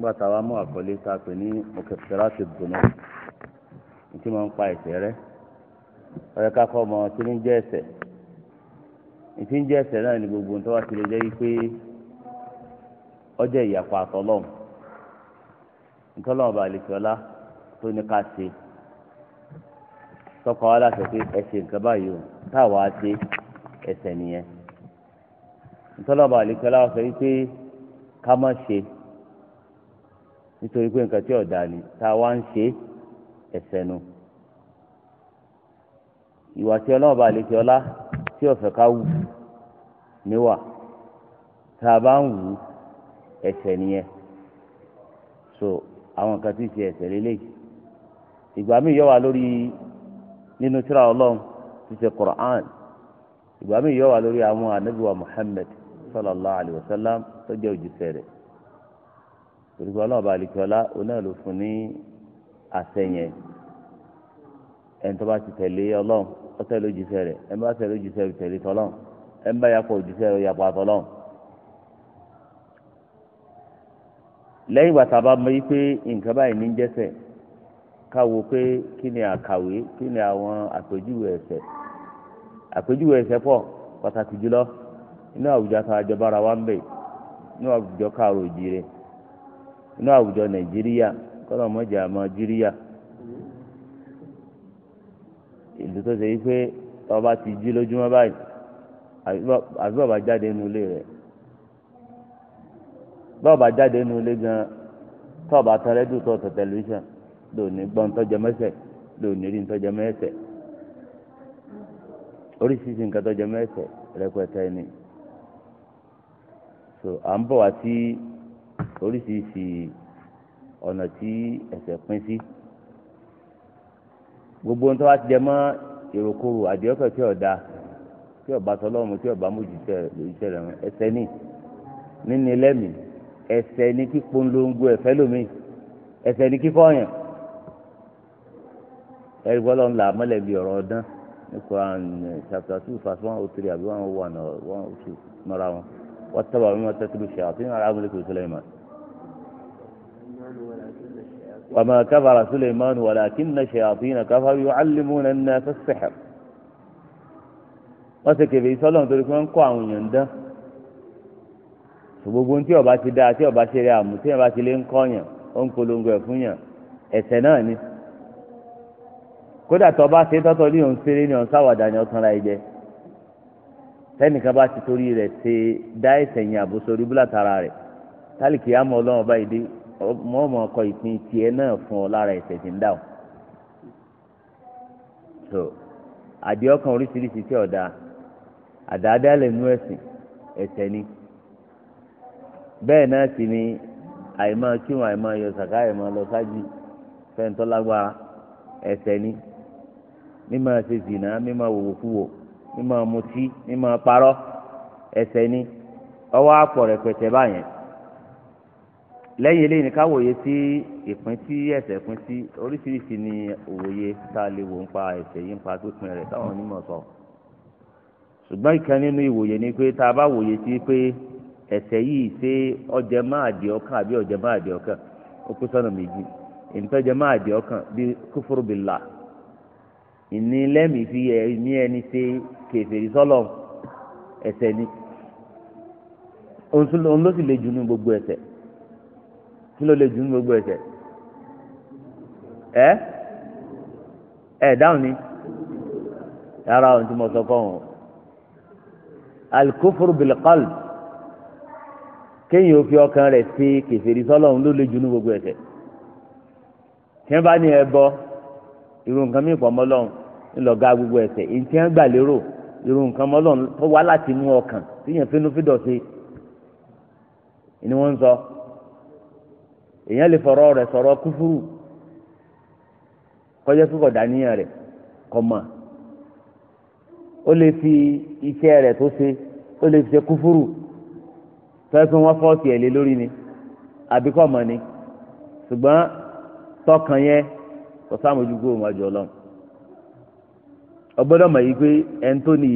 nígbà wa mú àkọlé pè ní mọ̀kẹ́fẹ́ráṣẹ́ gbóná tí mo ń pa ẹ̀ṣẹ̀ rẹ ọ̀yẹ́ ká kọ́ ọmọ tí ń jẹ́ ẹ̀ṣẹ̀ ìtí ń jẹ́ ẹ̀ṣẹ̀ náà ni gbogbo wá lè jẹ́ ṣe pé ẹ̀ṣẹ̀ nǹkan báyìí o táwa ṣe nìyẹn ntọ́lọ́mọba wọ́n sọ ká má ṣe. nítorí pé nǹkan tí ọ̀dà ni tá a wá ń ṣe ẹ̀ṣẹ̀ nu ìwà tí ọlọ́run bá lè fi ọlá tí ọ̀fẹ́ ká wù níwà tá a bá ń wù ẹ̀ṣẹ̀ nìyẹn so àwọn nǹkan tí ń ṣe ẹ̀ṣẹ̀ lélẹ́yìí ìgbà míì yọ wá lórí nínú tírà ọlọ́run ti ṣe Qur'an ìgbà míì yọ wá lórí àwọn ànábì wa Muhammad sallallahu alayhi wa sallam tó jẹ́ òjíṣẹ́ rẹ̀ torí pé ọlọ́ọ̀bá àlìkọ́lá oná ló fún ní àṣẹyẹn ẹni tó bá ti tẹ̀lé ọlọ́run ó tẹ̀lé òjíṣẹ́ rẹ̀ ẹni bá tẹ̀lé òjíṣẹ́ rẹ̀ tẹ̀lé tọ́lọ́run ẹni bá yàpọ̀ òjíṣẹ́ rẹ̀ yàpọ̀ àtọ́lọ́run. lẹ́yìn ìgbà tá a bá mọ yí pé nǹkan báyìí ní jẹ́ṣẹ̀ ká wo pé kí ni àkàwé kí ni àwọn àpèjúwe ẹ̀ṣẹ̀ àpèjúwe ẹ̀ṣẹ̀ pọ̀ pàtàkì jùlọ inú àwùjọ àtàwọn àjọbára wa ń bẹ inú àwùjọ káàró òjì rẹ̀ inú àwùjọ nàìjíríà kọ́lọ̀ mọ́jà nàìjíríà ìlú tó ṣe yí pé ọba ti jí lójúmọ́ báyìí àbí bàbá jáde nínú ilé rẹ̀ bàbá jáde nínú ilé gan tọ́ọ̀bà tán rẹ́díò tọ̀tọ̀ tẹlifíṣàn lónìí gbọ́n tọ́jọ mẹ́sẹ̀ lónìí rí tọ́jọ mẹ́sẹ̀ oríṣiríṣi nǹkan tọ́jọ mẹ́sẹ̀ rẹpẹtẹ ni so à ń bọ̀ wá sí oríṣiríṣi ọ̀nà tí ẹ̀ṣẹ̀ pín sí gbogbo ohun tó wá ti jẹ mọ́ èròkòrò àdìọ́kẹ̀ tí ọ̀dà tí ọba tọlọ́mù tí ọba mójútẹ lójútẹ rẹ mọ ẹsẹ ní nínú ẹlẹ́mì ẹsẹ ní kíkpolongo ẹfẹ lómi ẹsẹ ní kíkọ́yàn ẹ̀rí bọ́lá ńlá mọ́lẹ́bí ọ̀rọ̀ ọ̀dán ní Quran eh, chapter two verse one oh three àbí one oh one or one oh two mọ́ra wọn. واتبعوا مما تتلو الشياطين على ملك سليمان وما كفر سليمان ولكن الشياطين كفروا يعلمون الناس السحر wọ́n ṣe kébé sọ́lọ́n torí pé wọ́n ń kọ́ àwọn èèyàn dán gbogbo tí ọba ti dáa tí ọba ṣe rẹ àmú tí ọba ti lé ń kọ́yàn ó ń polongo ẹ̀ fún yàn ẹ̀sẹ̀ náà ni kódà tó bá ṣe tọ́tọ́ ní òun ṣeré ní òun sáwàdà ni ọ̀tàn ra ẹ jẹ́ tẹ́nìkan bá ti torí rẹ̀ ṣe dá ẹ̀ṣẹ̀ yẹn àbòsórí búlá tara rẹ̀ tálíkì àmọ́ ọlọ́run ọba ìdí mọ́ọ̀mọ́ ọkọ ìpín tiẹ̀ náà fún ọ lára ẹ̀ṣẹ̀ tí ń dà ọ́. so àdìọ́kan oríṣiríṣi tí ọ̀dà àdáadáalẹ̀ nú ẹ̀sìn ẹ̀ṣẹ̀ ni bẹ́ẹ̀ náà sì ni àìmọ́ kíwọn àìmọ́ yọ sàká àìmọ́ lọ sáájì fẹ́ǹtọ́ lágbára ẹ̀ṣẹ̀ ni mímọ́ ṣe zìnà mímọ́ wòwòkúwò ní máa mutí ní máa parọ́ ẹ̀ṣẹ̀ ni ọwọ́ àpọ̀ rẹpẹtẹ báyẹn lẹ́yìn eléyìí ni ká wòye sí ìpín tí ẹ̀ṣẹ̀ pín sí oríṣiríṣi ni òwòye tá a lè wò ń pa ẹ̀ṣẹ̀ yìí ń pa pípín rẹ̀ táwọn onímọ̀ sọ ṣùgbọ́n ìkan nínú ìwòye ni pé tá a bá wòye sí pé ẹ̀ṣẹ̀ yìí ṣe ọjẹ máa di ọkàn àbí ọjẹ máa di ọkàn ó pín sọ́nà méjì èyí máa di ọkàn bíi kúfúrú billah ìnílẹ́mìí fi ẹ̀mí ẹni ṣe kèfèrí sọ́lọ̀ ẹ̀ṣẹ̀ ni òun ló sì le jù ní gbogbo ẹ̀ṣẹ̀ kí ló le jù ní gbogbo ẹ̀ṣẹ̀ ẹ ẹ dáhùn ni yàrá ohun tí mo sọ fọwọn alikófóró bilikal kéèyàn ó fi ọkàn rẹ̀ ṣe kèfèrí sọ́lọ̀ òun ló le jù gbogbo ẹ̀ṣẹ̀ tí wọ́n bá ní ẹ bọ irun nǹkan mi pọ̀ mọ́ lọ́hùn ńlọgá gbogbo ẹsẹ èyí tí wọn gbà lérò irú nǹkan mọlọrun tó wá láti inú ọkàn tíyẹn fínúfíndọ̀ ṣe ni wọn ń sọ èyàn lè fọ̀rọ̀ rẹ̀ sọ̀rọ̀ kúfúrú kọjá kíkọ dàníyàn rẹ̀ kọmọ ó lè fi iṣẹ́ rẹ̀ tó ṣe ó lè fi ṣe kúfúrú fẹsùn wọn fọọsì ẹ lé lórí ni àbíkọ mọ ni ṣùgbọ́n tọkàn yẹn kò sáà mójú kúrò wájú Ọlọ́run. ọgbọ́dọ̀ mọ̀ yìí pé tó ní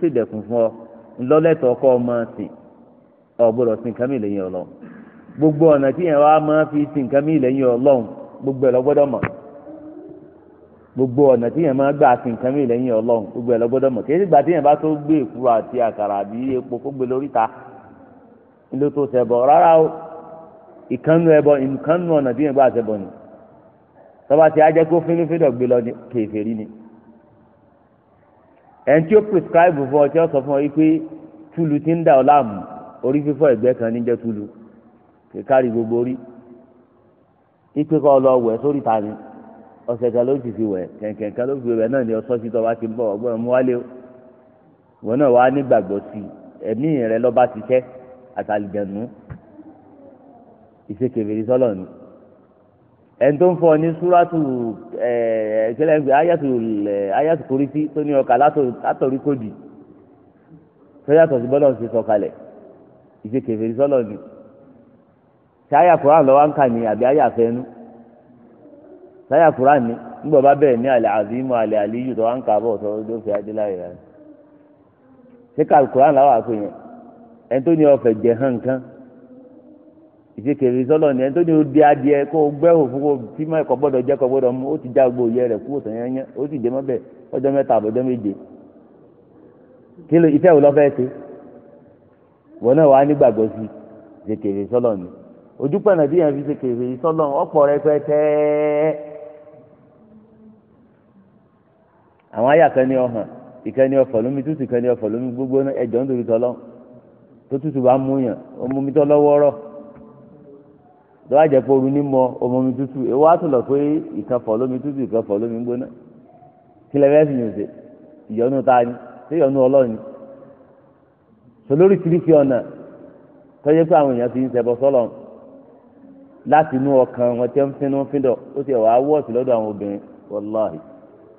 sì dẹkùn fún ọ ńlọ́lẹ́tọ̀ ọkọ ọmọ sìn ọ̀gbọ́dọ̀ sìn nǹkan gbogbo ọ̀nà tí yẹn wá máa fi sìn nǹkan gbogbo ọ̀nà tí yẹn máa gbà nǹkan gbogbo kí tí bá tó gbé àti àkàrà epo kó gbé ló tó rárá o ìkànnù ẹbọ ìkànnù ọ̀nà tí yẹn gbà ni tọ́ba ti ẹni tí ó prescribe fún ọ tí ó sọ fún ọ yìí pé túlù ti ń dà ọ láàmú orí fífọ́ ẹ̀gbẹ́ kan níjẹ́ túlù kíkárí gbogbo orí ipe kọ́ lọ wẹ̀ sórí ta ni ọ̀sẹ̀ kan ló ti fi wẹ̀ kẹ̀kẹ́ kan ló fi wẹ̀ náà ni ọ̀sọ́ ti tọ́ bá ti bọ̀ ọgbọ́n mú wálé o wọn náà wá nígbàgbọ́ sí ẹ̀mí rẹ lọ́ba ti tẹ́ àtàlìjẹ̀nu ìṣèkèvèrè sọ́lọ̀ ni. ẹni tó ń fọ ní súrátù ẹ̀ẹ́dẹ́gbẹ̀ ayatu kúrísí tó ní ọkà látọ̀rí kòdì tó sí bọ́lọ̀ ṣe sọ̀kalẹ̀ ni ṣé àyà kuran lọ́wọ́ ń kà ní àbí àyà fẹ́nu ṣé àyà kuran ni nígbà bá bẹ̀rẹ̀ ní àlẹ́ àzímù àlẹ́ àlíyù tó wá ń kà bọ̀ tó ló fi adéláyè rẹ̀ ṣé kà kuran láwà pé yẹn ní ìṣèkèrè sọ́lọ̀ ni ẹni tó ní o di adìẹ kó o gbẹ́ òfu kó o tí mọ́ gbọ́dọ̀ jẹ́ kọ́ gbọ́dọ̀ mú ó ti já gbogbo ìyẹ́ rẹ̀ kú òsàn yẹn dé ọjọ́ mẹ́ta àbọ̀jọ́ méje kí ló ìfẹ́ lọ́fẹ́ ṣe wọn náà wàá nígbàgbọ́ sí ni fi ọ̀pọ̀ àwọn àyà kan ní ọ̀hàn lọ́wọ́ àjẹpọ̀ ooru ní mọ ọmọ mi tútù ewu á tún lọ pé ìkànfọ̀ lómi tútù ìkànfọ̀ lómi gbóná kílẹ̀ bẹ́ẹ̀ sì yàn ṣe ìyọnu ta ni ṣé ìyọnu ọlọ́ọ̀ni solóríṣiríṣi ọ̀nà tọ́jú pé àwọn èèyàn fi ń ṣẹbọ sọ́lọ̀ láti inú ọkàn wọn tẹ́ ń finú fíndọ̀ ó ti wàá wọ́ọ̀sì lọ́dọ̀ àwọn obìnrin wàláhì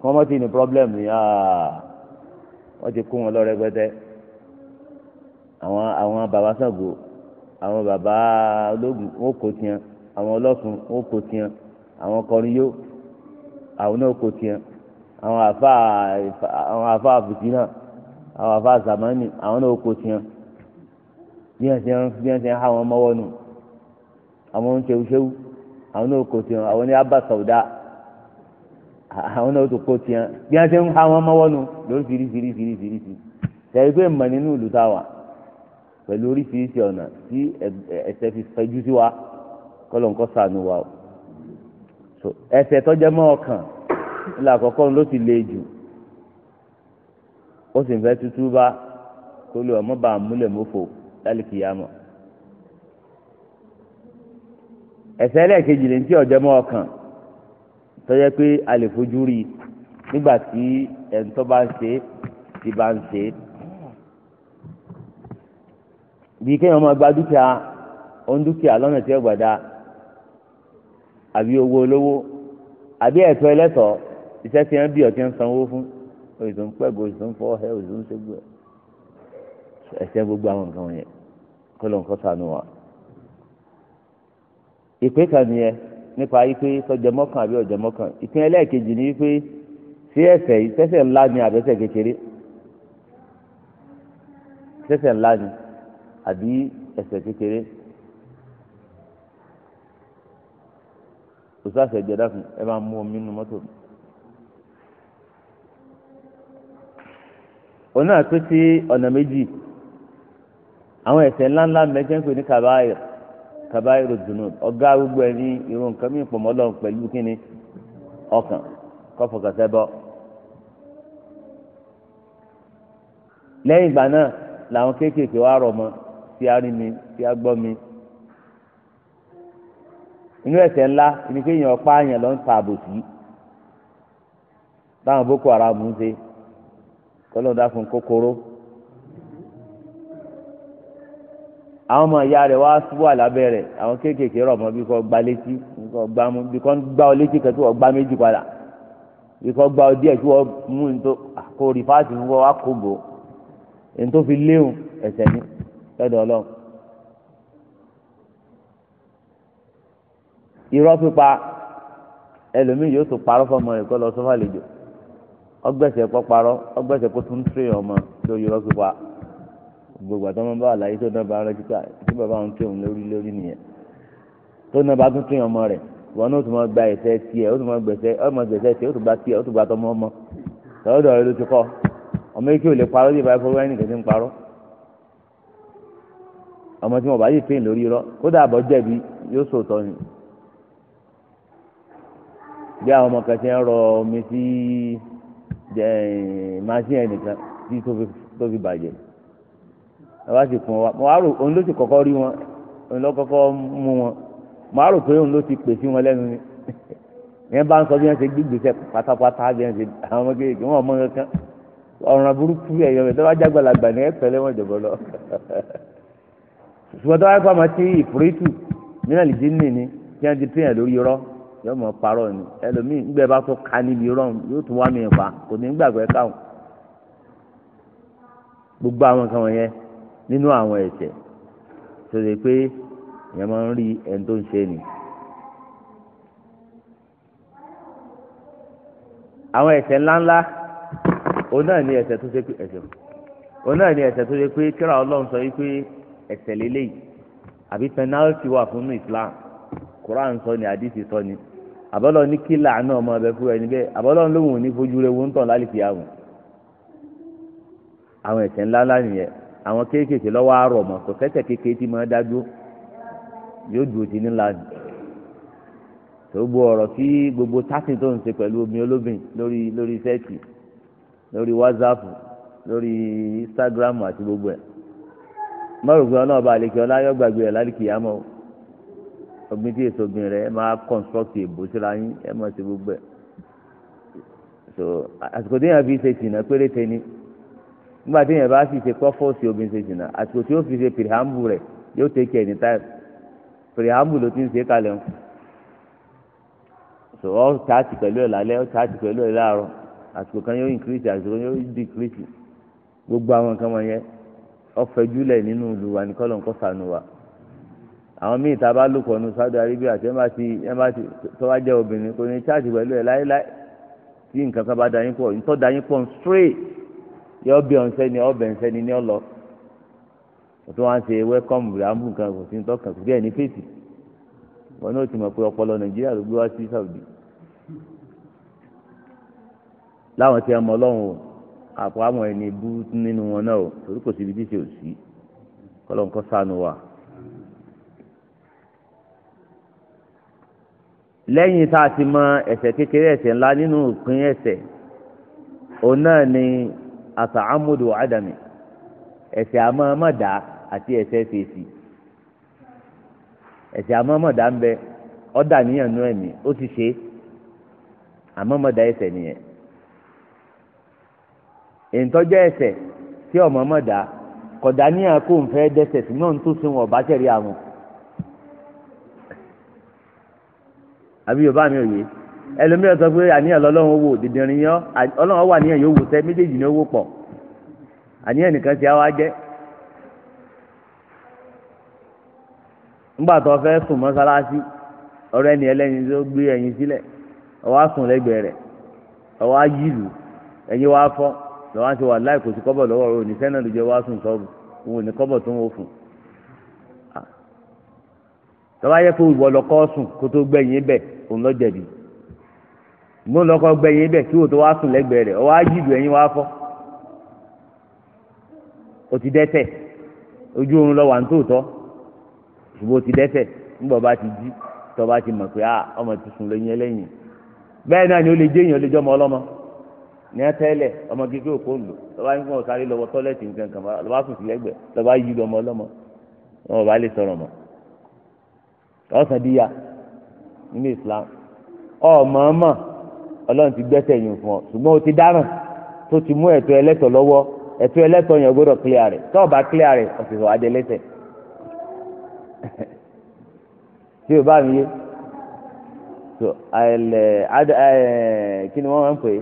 kọ́ mọ́ ti ní pírọ́blẹ́mù ni ah. wọ́n ti kó wọn lọ rẹpẹtẹ àwọn àwọn bàbá Ṣàngó àwọn Baba ológun wọn kò tiẹ̀ àwọn ọlọ́sùn wọn kò tiẹ̀ àwọn kọrin yó àwọn náà kò tiẹ̀ àwọn àfa àwọn àfa àbùtínà àwọn àfa zamani àwọn náà kò tiẹ̀ bí wọn ti ń bí wọn ti ń ha wọn mọ́wọ́ nù àwọn ń ṣewu ṣewu àwọn náà kò tiẹ̀ àwọn ní abba sọ̀dá àwọn náà tó kó tiẹ̀ bí wọn ti ń ha wọn mọ́wọ́ nù lórí fìrí fìrí fìrí fìrí fìrí tẹ̀lé pé mọ̀ nínú ìlú táwa pẹ̀lú oríṣiríṣi ọ̀nà tí ẹ̀ṣẹ̀ fi fẹjú sí wa kọ́lọ̀ ń kọ́ sànù wa o so ẹ̀ṣẹ̀ tọ́jẹ́ mọ́ ọkàn ńlá àkọ́kọ́ ló ti le jù ó sì ń fẹ́ tútú bá kó lè ọmọ bá múlẹ̀ mọ́fò lálùkì yá mọ́ ẹ̀ṣẹ̀ ẹlẹ́ẹ̀kejì lè ń tí ọ̀jẹ́ mọ́ ọkàn tọ́jẹ́ pé a lè fojú rí nígbà tí ẹ̀ńtọ́ bá ń ṣe ti bá ń ṣe é bí kéèyàn máa gba dúkìá òun dúkìá lọ́nà tí ó gbàdá àbí owó olówó àbí ẹ̀tọ́ ẹlẹ́tọ̀ọ́ iṣẹ́ tí wọ́n bí ọtí ń sanwó fún òṣìṣẹ́ ń pẹ̀gọ́ òṣìṣẹ́ ń fọ́ ẹ òṣìṣẹ́ ń ṣègbè ẹ̀ṣẹ́ gbogbo àwọn nǹkan wọ̀nyẹn kó ló ń kọ́ sànù wa. ìpè kan nìyẹn nípa ipe sọjọmọkàn àbí ọjọmọkàn ìpín ẹlẹ́ẹ̀kejì ni wípé sí ẹ̀ṣẹ̀ yìí ṣẹ̀ṣẹ̀ ńlá ni àbẹ́ṣẹ̀ kékeré ṣẹ̀ṣẹ̀ ńlá ni àbí ẹsẹ̀ kékeré òṣàṣẹ ìjẹdá fún ẹ bá mú omi nínú mọ́tò mi. òun náà pín sí ọ̀nà méjì àwọn ẹ̀ṣẹ̀ ńláńlá mẹ́jẹ̀ ń pè ní kàbáyìr kàbáyìr dùnú ọ̀gá gbogbo ẹni irun nǹkan mìíràn pọ̀ mọ́ pẹ̀lú kíni ọkàn kọ́fọ̀kàtẹ́ bọ́. lẹ́yìn ìgbà náà làwọn kéékèèké wá rọ̀ mọ́ tí a rí mi tí a gbọ́ mi inú ẹ̀ṣẹ̀ ńlá ni pé èèyàn ọ̀pá àyàn ló ń ta àbòsí báwọn boko haram ń ṣe kọ́lọ́ dá fún kòkòrò àwọn ọmọ ìyá rẹ̀ wá ṣubú àlábẹ́ rẹ̀ àwọn kéékèèké rọ̀ mọ́ bí kò gba létí bí kò gba mú bí kò gba ọ létí kẹ́tù ọ̀gbá méjì padà bí kò gba ọ díẹ̀ tí wọ́n mú ní tó kò rí fún wọn wá kó bò ní tó fi léwu ẹ̀ṣẹ̀ ni lọ́dọ̀ ọlọ́run. irọ́ pípa ẹlòmíì yóò tún parọ́ fọmọ rẹ̀ kó lọ sọ́fà lẹ́jọ́ ọgbẹ́sẹ̀ kó parọ́ ọgbẹ́sẹ̀ kó tún tún èèyàn ọmọ tó irọ́ pípa gbogbo àtọ́mọ́ bá àlàyé tó dábàá rẹ títà tí bàbá òun tún òun lórí lórí nìyẹn tó dábàá tún tún èèyàn ọmọ rẹ̀ wọn náà tún mọ gba ẹsẹ̀ tiẹ̀ ó tún mọ gbẹsẹ ọmọ gbẹsẹ tiẹ̀ ó tún gba tiẹ̀ ó tún gba tọmọ ọmọ tọ́lọ́dọ̀ rẹ ló ti kọ́ ọmọ ike ò lè parọ́ ọmọ tí wọn bá yìí pín lórí irọ́ kódà àbọ̀ jẹ̀bi yóò sòótọ́ ni bí àwọn ọmọ kan ti ń rọ omi sí jẹ eh, machine ẹnìkan tí tó fi bàjẹ́ ẹ wá sì fún wa mo wá rò òun ló sì kọ́kọ́ rí wọn òun ló kọ́kọ́ mú wọn mo wá pé òun ló ti pè sí wọn lẹ́nu ni yẹn bá ń sọ bí wọn ṣe gbígbèsè pátápátá bí wọn ṣe àwọn ọmọ kéèké wọn ọmọ kankan ọ̀ràn burúkú ẹ̀yọ́ rẹ̀ tó bá jágbàlagbà ní ẹ̀fẹ́ lẹ́wọ̀n jọ̀bọ̀ lọ. ṣùgbọ́n tó wáyé kó ọmọ tí ìfúrítù mìíràn lè dín nìní kí wọ́n ti pín ẹ̀ lórí rọ́ yóò mọ̀ parọ́ ni ẹlòmíì gbẹ bá tó ka níbi rọ́ yóò tún wá mi pa kò ní gbàgbé káwọn gbogbo àwọn kan wọ̀nyẹn nínú àwọn ẹ̀ṣẹ̀ tó ṣe pé èèyàn máa ń rí ẹni tó ń ṣe ni. àwọn ẹ̀ṣẹ̀ ńláńlá òun náà ni ẹ̀ṣẹ̀ tó ṣe pé ẹ̀ṣẹ̀ òun náà ni ẹ̀ṣẹ̀ tó ṣe pé kíra Ọlọ́run sọ yìí pé ẹ̀ṣẹ̀ lélẹ́yìí àbí pẹnáltì wà fún Islam Quran sọ ni àdìsí sọ ni àbọ̀lọ́ ní kílà náà ọmọ ọbẹ̀ fúra ẹni bẹ́ẹ̀ àbọ̀lọ́ lóhùn ní fojú rẹ̀ wọ́n ń tàn lálẹ́ fìyàwó àwọn ẹ̀ṣẹ̀ ńlá ńlá nìyẹn àwọn kéékèèké lọ́wọ́ àárọ̀ mọ̀ kò fẹ́sẹ̀ kékeré tí máa dájú yóò dùn sí nílá ni tó gbọ́ ọ̀rọ̀ tí gbogbo tásìn tó ń ṣe pẹ̀lú omi olóbìn lórí lórí sẹ́ẹ̀tì lórí wásaapù lórí Instagram àti gbogbo ẹ̀ mọ̀rùgbìn ọlọ́ọ̀bà àlekè ọlá yọ gbàgbé rẹ̀ lálùkì yá mọ́ obìnrin tí èso obìnrin rẹ̀ ẹ máa construct èbó síra yín ẹ máa ṣe gbogbo ẹ̀ so àsìkò tí èèyàn fi ṣe sìnà péréte ni nígbà tí èèyàn bá sì ṣe pọ́fọ́ọ̀sì obìnrin ṣe sìnà àsìkò tí ó fi ṣe pìrìhàmù rẹ̀ yóò take any time pìrìhàmù ló ti ń ṣe kalẹ̀ so ọ́ chaati pẹ̀lú ẹ̀ lálẹ́ ọ́ chaati pẹ̀lú ẹ̀ láàárọ̀ àsìkò kan yóò increase àsìkò kan yóò decrease gbogbo àwọn nǹkan wọ̀nyẹn ọ̀fẹ́júlẹ̀ nínú ìlú wa ní kọ́lọ̀ ńkọ́ sànù wa àwọn míì tá a bá lùkọ̀ ní Saudi Arabia àti ẹ̀mbàtì ẹ̀mbàtì tó bá jẹ́ obìnrin kò ní chaati pẹ̀lú ẹ̀ láéláé tí nǹkan kan bá dayin pọ̀ ntọ́ dayin pọ̀ straight yọ ọbẹ̀ ọ̀nsẹ́ ni ọbẹ̀ ọ̀nsẹ́ ni ní ọlọ tó wá ń ṣe welcome rambu nǹkan kò sí ntọ́ kan kò bí ẹ̀ ní fèsì wọn náà ti mọ̀ pé ọpọlọ Nàìjíríà ló gbé wá sí Saudi láwọn ti ẹ̀ mọ́ Ọlọ́run o àpò àwọn ẹni bú nínú wọn náà o torí kò síbi tí ṣe ò sí kọlọ́nkọ́ sànù wà. lẹ́yìn tá a ti mọ ẹ̀ṣẹ̀ kékeré ẹ̀ṣẹ̀ ńlá nínú òpin ẹ̀ṣẹ̀ òun náà ni àtàámúdù àdàmì ẹ̀ṣẹ̀ àmọ́mọ́dá àti ẹ̀ṣẹ̀ fèsì ẹ̀ṣẹ̀ àmọ́mọ́dá ń bẹ ọ̀dà níyànjú ẹ̀mí ó ti ṣe àmọ́mọ́dá ẹ̀ṣẹ̀ nìyẹn. ìtọ́jọ́ ẹ̀ṣẹ̀ tí ọmọ ọmọ dá kọ̀dá ní àkó ń fẹ́ dẹ́ṣẹ̀ sí náà ń tó sí wọn tẹ̀lé àwọn. àbí yorùbá mi ò yé ẹlòmíràn sọ pé àníyàn lọ́lọ́run wò dìdìrín yán ọlọ́run wà níyàn yóò wò sẹ́ méjèèjì ní owó pọ̀ àníyàn nìkan ti àwa jẹ́. nígbà fẹ́ sùn mọ́sálásí ọ̀rọ̀ ẹni ẹlẹ́yin tó gbé ẹyin sílẹ̀ lọ́wọ́ á wà láì kò sí kọ́bọ̀ lọ́wọ́ rẹ̀ òní sẹ́nà lójú wá sùn sọ́ọ̀bù òun ní kọ́bọ̀ tó ń wò fún. tọ́wọ́ ayẹ́ pé ìwọ lọ́kọ́ sùn kó tó gbẹ̀yìn bẹ̀ òun lọ́ jẹ̀bi o ti dẹ́tẹ̀ ojú oorun lọ wà o ti dẹ́tẹ̀ nígbà bá ti jí tọ́ ní ẹtẹ́lẹ̀ ọmọ gẹ́gẹ́ òkú lò lọ́ba yín kí wọ́n sáré lọ́wọ́ tọ́lẹ́tì nǹkan kan lọ́ba sùn sí lẹ́gbẹ̀ẹ́ lọ́ba yí lọ́mọ ọlọ́mọ wọn ò bá lè sọ̀rọ̀ mọ́ ọ̀sán díya nínú Islam ọ̀mọ̀ọ́mọ̀ ọlọ́run ti gbẹ́sẹ̀ yín fún ọ ṣùgbọ́n o ti dáràn tó ti mú ẹ̀tọ́ ẹlẹ́tọ̀ lọ́wọ́ ẹ̀tọ́ ẹlẹ́tọ̀ yẹn gbọ́dọ̀ clear rẹ̀ tó bá clear rẹ̀ ọ̀sìsọ̀ adé lẹ́sẹ̀ tí o bá mi yé so ẹ̀ ẹ̀ kí ni wọ́n máa ń pè é.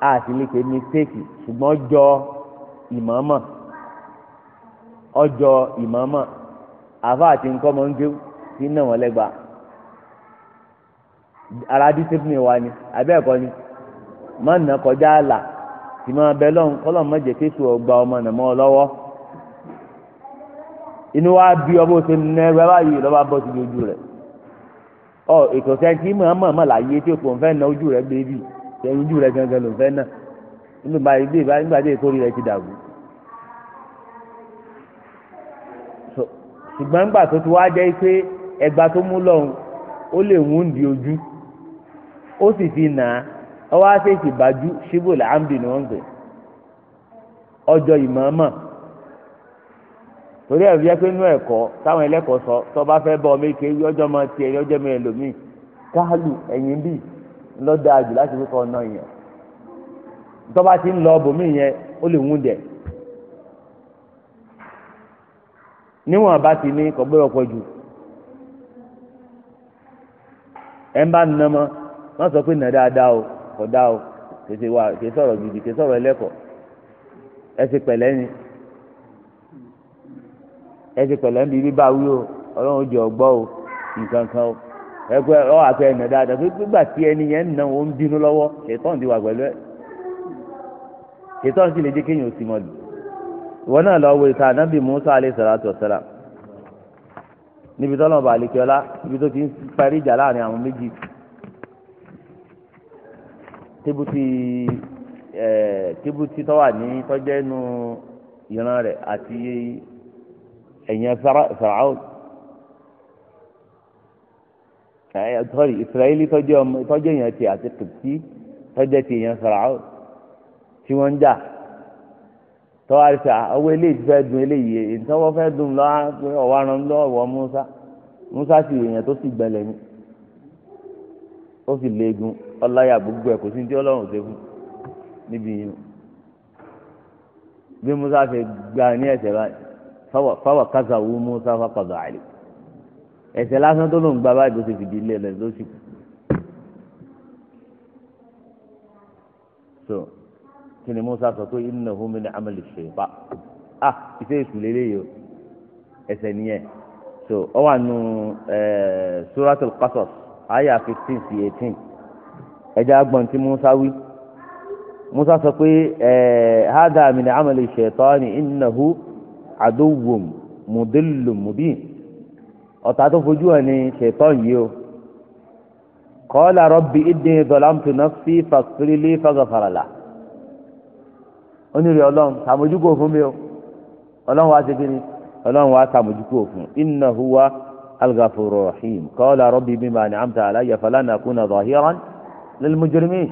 àti lè pè mistake ṣùgbọ́n jọ ìmọ̀ọ́mọ̀ ọjọ́ ìmọ̀ọ́mọ̀ àfa àti nǹkan mọ̀ ń gé sí náà wọ́n lẹ́gbàá ara ni abẹ́ ẹ̀kọ́ ni kọjá àlà tì máa bẹ lọ́n kọ́lọ́n má jẹ́ kéṣù ọgbà ọmọ nà mọ́ ọ lọ́wọ́ inú wa bí ṣe báyìí lọ́ba bọ́ sí ojú rẹ̀ ọ ètò sẹ́ńtì na ojú rẹ̀ ẹyinjú rẹ gangan ló fẹ́ náà nígbà ìdí ìbá nígbà tí èkó rí rẹ ti dàgbù. ṣùgbọ́n nígbà tó ti wá jẹ́ pé ẹgbà tó mú lọ́hùn ó lè mú ń di ojú ó sì fi nà á ọwọ́ á ṣèṣì bájú ṣíbò làámdì ni wọ́n ń pè ọjọ́ ìmọ̀ọ́mọ̀ torí ẹ̀rí ẹ pé inú ẹ̀kọ́ táwọn ẹlẹ́kọ̀ọ́ sọ tó bá fẹ́ bọ́ ọ méke ọjọ́ máa tiẹ̀ ọjọ́ mi ẹlòmíì káàlù ẹ̀yìn bíi lọ́dọ̀ àjù láti wípé ọ̀nà yẹn tọ́ba ti ń lọ bòmí yẹn ó lè wún dẹ̀ níwọ̀n bá ti ní kọ̀gbọ́dọ̀ pọ̀ jù ẹ̀ ń bá nínú ọmọ wọ́n sọ pé nà dáadáa o kò dáa o kèsè wa kèsè sọ̀rọ̀ gidi kèsè sọ̀rọ̀ ẹlẹ́kọ̀ọ́ ẹ ṣe pẹ̀lẹ́ ni ẹ ṣe pẹ̀lẹ́ níbi bíbá wí o ọlọ́run ó jẹ ọgbọ́ o nǹkan kan o ẹgbẹ́ ọ àfẹ ẹ̀nà dáadáa pé gbígbà tí ẹni yẹn nà ó ń bínú lọ́wọ́ ṣètọ́n ti wà pẹ̀lú ẹ̀ ṣètọ́n sì lè jẹ́ kéèyàn ó sì mọ̀ lù ìwọ náà lọ wo ìka ànábì Musa alayhi salatu wa salam níbi tọ́lọ̀ bá àlekè ọlá níbi tó ti ń parí ìjà láàrin àwọn méjì tébùtì ẹ tébùtì tó wà ní tọ́jẹ́ nu ìran rẹ̀ àti ẹ̀yìn Fáráò sorry israeli tọ́jú ọmọ tọ́jú èèyàn ti àti kìtì tọ́jú ti èèyàn sọ̀rọ̀ tí wọ́n ń jà tọ́wá ṣe owó eléyìí fẹ́ dun eléyìí ìtọ́wọ́ fẹ́ dun lọ́wọ́ pé ọ̀wá ran lọ́wọ́ musa musa sì èèyàn tó sì gbẹlẹ̀ ni ó sì léegun ọláyà gbogbo ẹ̀ kò sí ní tí ṣe fún níbi yìí bí musa ṣe gba ní ẹ̀sẹ̀ báyìí fáwọ̀ kásà musa fápadà àlè ẹsẹ̀ lásán tó lòún gba báyìí tó ti fìdí ilé rẹ̀ ló so kí ni Musa sọ pé innahu min amali shaytan ah iṣẹ́ èṣù lélẹ́yìí o ẹsẹ̀ nìyẹn so ọ wà nù suratul Qasas aya fifteen sí eighteen ẹja agbọ̀n tí Musa wí Musa sọ pé hada min amali shaytan innahu aduwwun mudillun mubin ọ̀tá tó fojú hàn ní ṣètọ́ yìí o kọ́lá rọ́bì ìdín ìdọ̀lámtù náà sí fàkìrìlì fàgàfàràlà ó ní rí ọlọ́run tàmójúkò fún mi o ọlọ́run wá ṣe kí ni ọlọ́run wá tàmójúkò fún inna huwa algafuru rahim kọ́lá rọ́bì bímọ àni àmta aláyà falana kúnà zahiran lẹ́lmujurimi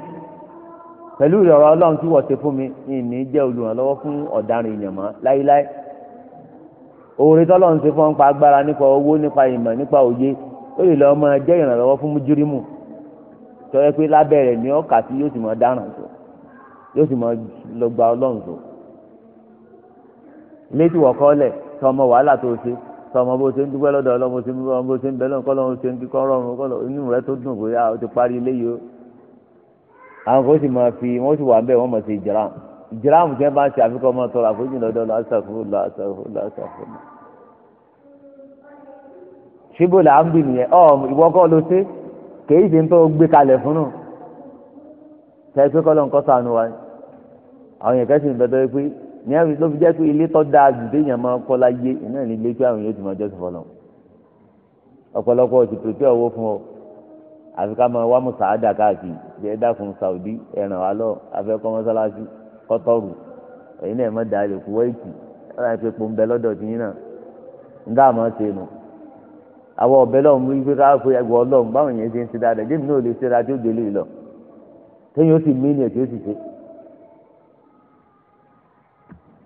pẹ̀lú ìrọ̀rọ̀ ọlọ́run tí wọ́n ṣe fún mi ìní jẹ́ olùrànlọ́wọ́ fún ọ̀daràn ìyàmọ́ láíláí oore tọ́lọ̀ ń ṣe fún ọ̀npa agbára nípa owó nípa ìmọ̀ nípa òye ó lè lọ́ọ́ máa jẹ́ ìrànlọ́wọ́ fún mújúrímù tọ́yẹ pé lábẹ́rẹ̀ ni ọkà sí yóò sì máa dáràn tó yóò sì máa lọ gba ọlọ́run tó létí wọ̀kọ́ lẹ̀ tọ́ ọmọ wàhálà tó ṣe tọ́ ọmọ bó ṣe ń dúpẹ́ lọ́dọ̀ ọlọ́mọ ṣe ń bọ́ ọmọ bó ṣe ń bẹ lọ́nkọ́ lọ́run ṣe ń kíkọ́ rọrùn kọ́lọ́ inú rẹ tó dùn bóyá ah, o ti parí ilé yìí o àwọn kò sì máa fi wọ́n sì ń bẹ̀ wọ́n mọ̀ sí ìjìrá ìjìrá àmùtẹ́ bá ń ṣe àfikún ọmọ tọrọ àfojú lọ́dọ̀ lọ́sàkúrò lọ́sàkúrò lọ́sàkúrò ṣíbò là ń bì nìyẹn ọ ìwọ kọ́ ló ṣe kèyí ṣe ń tó gbé kalẹ̀ fún nù ṣe é pé kọ́ ló ń kọ́ sànù wa àwọn yẹn kẹ́sì ń bẹ tó yẹ pé ní ẹ̀rí ló fi jẹ́ pé ilé tó dáa jù déèyàn máa kọ́ láyé iná ní ilé tí àwọn yóò ti máa jọ́sìn fọlọ́ ọ̀pọ̀lọpọ̀ ti pèpè owó fún ọ àfi ká máa wá mùsàádà káàkiri bí ẹ dákun Saudi ẹ̀ràn wa lọ afẹ́kọ́ mọ́sálásí kọ́tọ́rù ẹ̀yin náà ẹ̀ má dàá lè kú wẹ́ẹ̀kì ẹ̀ láti pé pò ń bẹ lọ́dọ̀ náà ń dá àmọ́ ṣe nù àwọn ọ̀bẹ lọ́hùn wípé ká fún ẹgbẹ́ ọlọ́hùn báwọn yẹn ṣe ń ṣe dáadáa jẹ́mi náà lè ṣe ra tí ó délé lọ téèyàn ó sì mí ni ẹ̀ tí ó sì ṣe.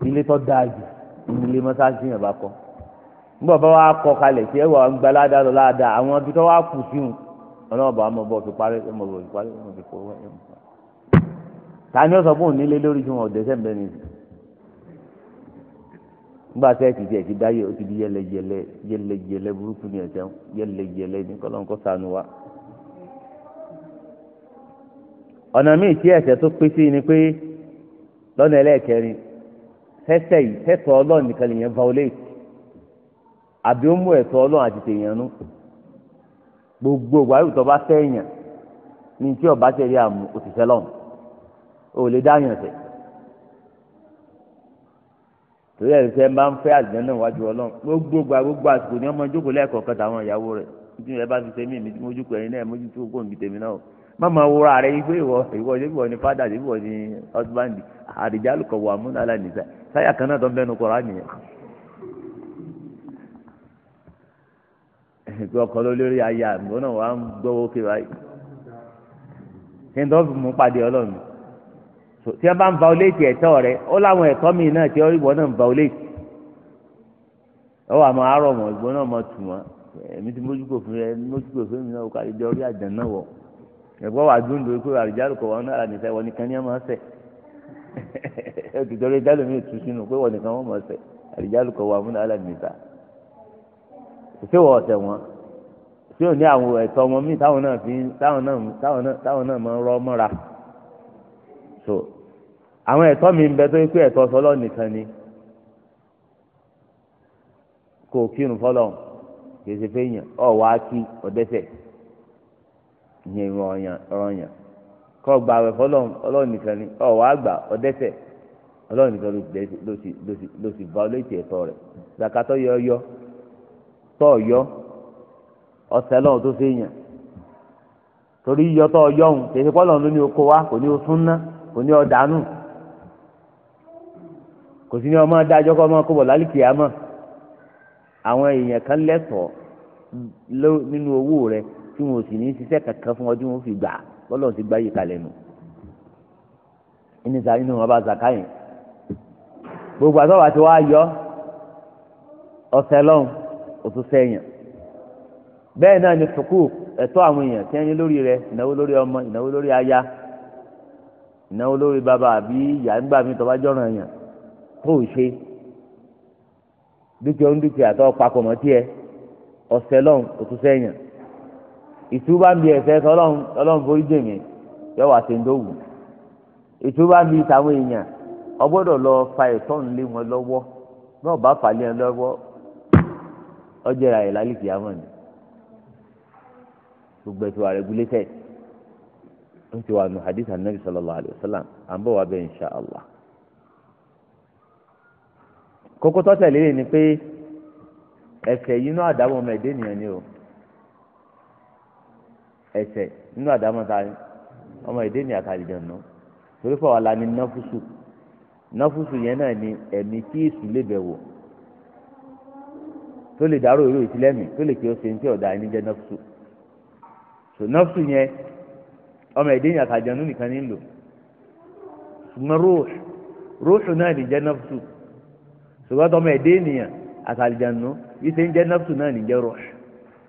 ilé tó dáa jù ilé mọ́sáàsì yẹn bá kọ́ nígbà bá wàá kọ́ kalẹ̀ tí ẹwà ń gba ládàá lọ ládàá àwọn ibi tó wàá kù sí wọn ọlọ́ọ̀bà ọmọ bọ̀ fi parí ọmọ bọ̀ fi parí ọmọ fi kọ́ wọ́n. tani ó fún òní lé lórí tí wọn ò nígbà tí ẹ ti tiẹ̀ ti dáyé ó ti di yẹlẹyẹlẹ yẹlẹyẹlẹ burúkú ni ẹ̀sẹ̀ yẹlẹyẹlẹ ní kọ́lọ́n kó sànù wa. ọ̀nà míì tí ẹ̀sẹ̀ tó pé sí ni pé lọ́nà ẹlẹ́ẹ̀kẹrin yìí ọlọ́run nìkan gbogbo tó bá fẹ́ yàn ní tí ọba àmú òṣìṣẹ́ torí ẹni fẹ́ máa ń fẹ́ àlùjánnà wájú ọlọ́run gbogbo gba gbogbo àsìkò ní ọmọ jókòó lẹ́ẹ̀kọ́ kan táwọn ìyàwó rẹ̀ tí ẹ bá fi ṣe mí mi tí mo jókòó ẹni náà mo jókòó kó mi tèmi náà má máa wúra rẹ yí pé ìwọ ìwọ ìwọ ni fada ìwọ ni husband àdìjálù kọ̀ wà múnà lánìí sáyà kan náà tó ń bẹnu kọ̀ọ̀rọ̀ ànìyàn. ètò ọkọ lórí aya àgbọn náà wà ń gbọ́wọ́ kí wáyé tí wọn bá ń violate ẹ̀tọ́ rẹ ó láwọn ẹ̀tọ́ míì náà tí ìwọ náà ń violate ọwọ àmọ́ àárọ̀ wọn ìgbọn náà mọ tù wọn èmi ti mójú kò fún ẹ mójú kò fún mi náà kárí di orí àjàn náà wọ ẹgbọn wà dùn lórí pé àrùjálù kọ wọn náà nìfẹ wọn nìkan ní ẹ máa ṣe ẹ ti dọrí dálò mi tù sínú pé wọn nìkan wọn máa ṣe àrùjálù kọ wọn náà nìta ṣé wọ ọ̀sẹ̀ wọn tí ò ní àwọn ẹ̀tọ́ wọn míì táwọn náà fi táwọn náà táwọn náà máa ń rọ mọ́ra so àwọn ẹ̀tọ́ mi ń bẹ tó yẹ pé ẹ̀tọ́ sọlọ nìkan ni kò kírun fọlọ kì í ọ wá kí ọdẹsẹ ìyẹn ìrọ̀yàn ọ̀rọ̀yàn kọ́ gba àwẹ̀ fọlọ ọlọ́run nìkan ni ọ wá gbà ọdẹsẹ ọlọ́run nìkan ló sì bá ọlọ́ọ̀tì ẹ̀tọ́ rẹ̀ zakatọ́ yọ ọyọ tọ́ ọyọ ọ̀sẹ̀ lọ́wọ́ tó fẹ́ torí yọtọ̀ ọyọ́hún kì í ṣe ló ní oko wa kò ní o kò ní ọ̀dánù kò sí ní ọmọ adájọ́ kọ́ ọmọ kóbọ̀ lálùkì àmọ́ àwọn èèyàn kan lẹ́tọ̀ọ́ nínú owó rẹ tí wọn ò sì ní ṣiṣẹ́ kankan fún ọdún wọn fi gbà bọ́lọ̀ ti gbáyé kalẹ̀ nù ìníta nínú wọn bá zaka yẹn gbogbo àtọ́wà tí wàá yọ ọ̀sẹ̀ lọ́hùn òtún sẹ́yìn bẹ́ẹ̀ náà ni fukú ẹ̀tọ́ àwọn èèyàn tí wọ́n lórí rẹ ìnáwó lórí ọmọ ìnáwó lórí aya ìnáwó lórí bàbá àbí ìyá nígbà mi tọ́ba jọ̀ràn èèyàn tó o ṣe dúkìá ń dúkìá tó papọ̀ mọ́ tiẹ̀ ọ̀sẹ̀ lọ́n òtún sẹ́yìn ìtúbà ń bi ẹ̀fẹ́ tọ́lọ́n tọ́lọ́n forí jèmi yóò wá ìtúbà ń bi èèyàn ọgbọ́dọ̀ lọ fa ẹ̀tọ́ ń lé wọn lọ́wọ́ náà bá fà lé wọn lọ́wọ́ ọjọ́ ìràyè lálìkì àmọ́ ni gbogbo ètò àrẹ́gúlétẹ̀ ń ti wà nù hadith anabi sallallahu alayhi wa sallam à ń Koko tó tẹ̀lé rẹ̀ ni pé ẹ̀ṣẹ̀ yìí inú àdámọ̀ ọmọ ẹ̀dẹ́ nìyẹn ni o ẹ̀ṣẹ̀ inú àdámọ̀ ta ọmọ ẹ̀dẹ́ nìyẹn àtàlìjọ nù torí fọwọ́ la ni náfúsù náfúsù yẹn náà ni ẹ̀mí kí èsù lè bẹ̀ wò tó lè dárò ìró ìtìlẹ́mì tó lè kí o ṣe ní tí ọ̀dà ẹni jẹ́ náfúsù so náfúsù yẹn ọmọ ẹ̀dẹ́ nìyẹn àtàlìjọ nù nìkan ní lò ṣùgbọ́n róòṣù náà ni jẹ́ náfúsù ṣùgbọ́n tọmọ ẹ̀dẹ́ ènìyàn àtàlìjànú bí ṣe ń jẹ́ nọ́ọ̀sù náà níjẹ́ rọ̀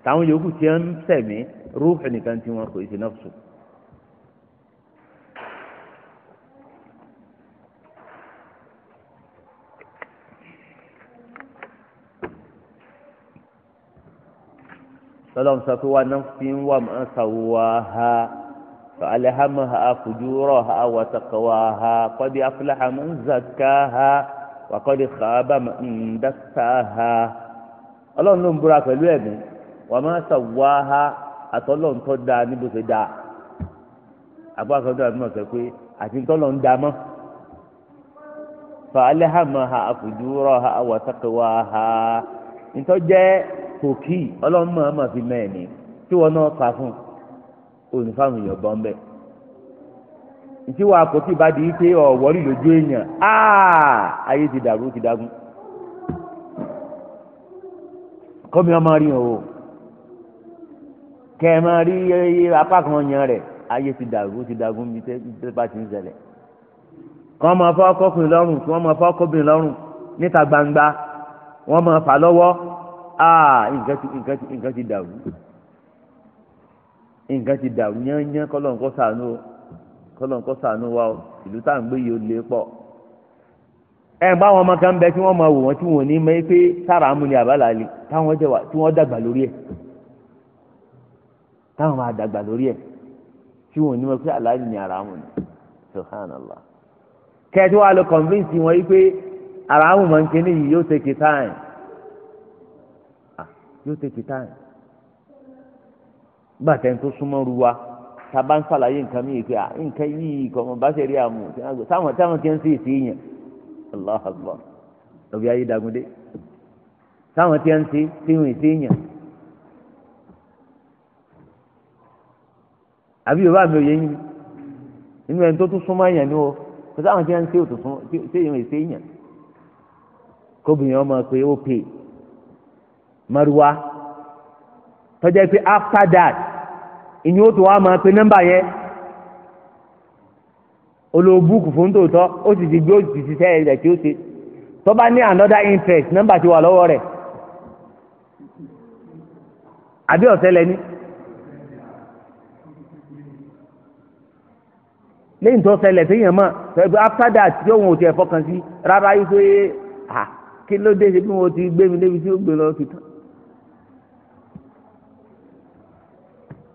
táwọn yòókù tí wọ́n ń sẹ̀mí rúùfù nìkan tí wọ́n kò ṣe nọ́ọ̀sù. tọ́lọ́mù sọ pé wà náà fi ń wà ha fàlẹ́ hàmà ha fùjú rọ̀ ha wà sàkàwà ha kọ́dí afúláhàmù ń zàkà ha. wàkọ́dé xaaba ndasaaha ọlọ́run ló ń búra pẹ̀lú ẹ̀mí wà má sàwáha àtọ́lọ́run tó dáa níbo ṣe dáa àgbàkan tó àdúrà pé àti tọ́lọ̀ da mọ́ ha àfùjúrọ̀ ha àwọ̀sákẹ́wà ha ntọ́jẹ́ kòkì ọlọ́run máa ma fi tí wọ́n náà fún ntí wa kò tí ì bá di ike ọ̀wọ́rì lójú èèyàn áà ayé ti dàrú ti dágún kọ́mi ọmọ rí o kẹ́ ẹ máa rí apá kan yan rẹ̀ ayé ti dàrú ti dágún bí tẹ́ bá ti ń ṣẹlẹ̀ kọ́ máa fọ́ ọkọ́kùnrin lọ́rùn kí wọ́n máa fọ́ ọkọ́bìnrin lọ́rùn níta gbangba wọ́n máa fà lọ́wọ́ áà nǹkan ti dàrú nǹkan ti dàrú yán yán kọ́ lọ́nkọ́ sànú o kọ́lọ̀ ń kọ́ sànú wa o ìlú tá à ń gbé yìí ó lé pọ̀ ẹ bá wọn máa kan bẹ tí wọn máa wò wọn tí wọn ò ní mọ pé sára amúni àbálàlẹ táwọn jẹ wà tí wọn dàgbà lórí ẹ táwọn máa dàgbà lórí ẹ tí wọn ò ní mọ pé aláàjì ni ara amúni subhanallah kẹtí wàá lọ convince wọn yìí pé ara amúni máa ń kéne yìí yóò take time ah, yóò take time gbàtẹ́ tó súnmọ́ ru wa tàbá ń sàlàyé nǹkan mìíràn pé à nǹkan yìí kò mọ bá ṣe rí àmú táwọn ti ń sí ìsì yẹn allah akbar òbí ayé dagundé táwọn ti ń sí síhun si yẹn àbí yorùbá mi ò yẹ yín inú ẹni tó tún súnmọ́ yẹn ni o kò táwọn ti ń sí òtún sún síhun ìsì yẹn kóbìnrin ọmọ pé ó pè mọ́rùwá tọ́jà pé after that ìyẹn ó tó wá máa pe nọ́mbà yẹn olóòbùkù fún tòótọ́ ó sì ti gbé ó sì ti sẹ́ rẹ̀ tí ó ṣe tó bá ní another interest nọ́mbà ti wà lọ́wọ́ rẹ̀ àbí ọ̀sẹ̀ lẹ́ni. lẹ́yìn tó ṣẹlẹ̀ tó yẹn mọ̀ pẹ̀lú after that tí òun ò tiẹ̀ fọkàn sí rárá yìí pé kí ló dé ṣe bí mo ti gbé mi débi tí ó gbé lọ sí tán.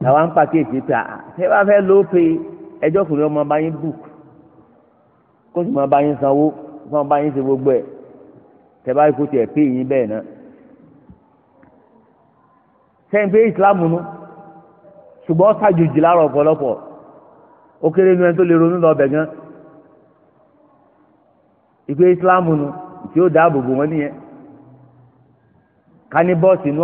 làwọn ń pàkíyèsí pé ah, ah, taa ṣé bá fẹ́ ló pe ẹjọ́ kùnrin ọmọ bá yín book kó sì máa bá yín sanwó kó máa bá yín ṣe gbogbo ẹ̀ tẹ́ bá kó tiẹ̀ pé yín bẹ́ẹ̀ náà sẹ́yìn pé ìsìlámù nu ṣùgbọ́n láàrọ̀ ọ̀pọ̀lọpọ̀ ó kéré nu ẹni tó lè ronú lọ bẹ̀ gan ìpè nu tí ó dáàbò bò wọ́n nìyẹn ká ní bọ́ọ̀sì inú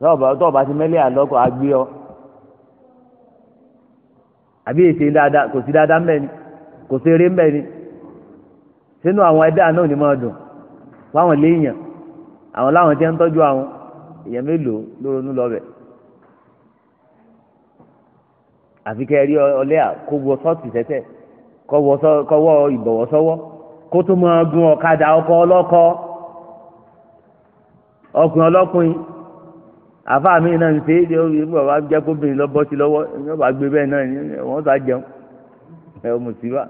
tọ́ ọba ti mẹ́lẹ́ àlọ́kọ̀ agbé ọ àbí èsè dáadáa kò sí dáadáa mbẹ ni kò sí eré mbẹ ni sínú àwọn ẹ̀dá náà ni máa dùn fáwọn léèyàn àwọn láwọn tí ń tọ́jú àwọn èèyàn mélòó ló ronú lọ́bẹ̀ àfi kẹ́ ẹ rí ọlẹ́ à kó wọ sọ́ọ̀tì sẹ́sẹ̀ kọ́ wọ ìbọ̀wọ́ sọ́wọ́ kó tó máa gun ọ̀kadà ọkọ̀ ọlọ́kọ̀ ọkùnrin ọlọ́kùnrin àfa mi náà ń ṣe é ṣe ó yẹ bàbá jẹ́ kóbìnrin lọ bọ́ sí lọ́wọ́ ẹ̀yìn bá gbé bẹ́ẹ̀ náà wọ́n sá jẹun ẹ̀ mùsíbà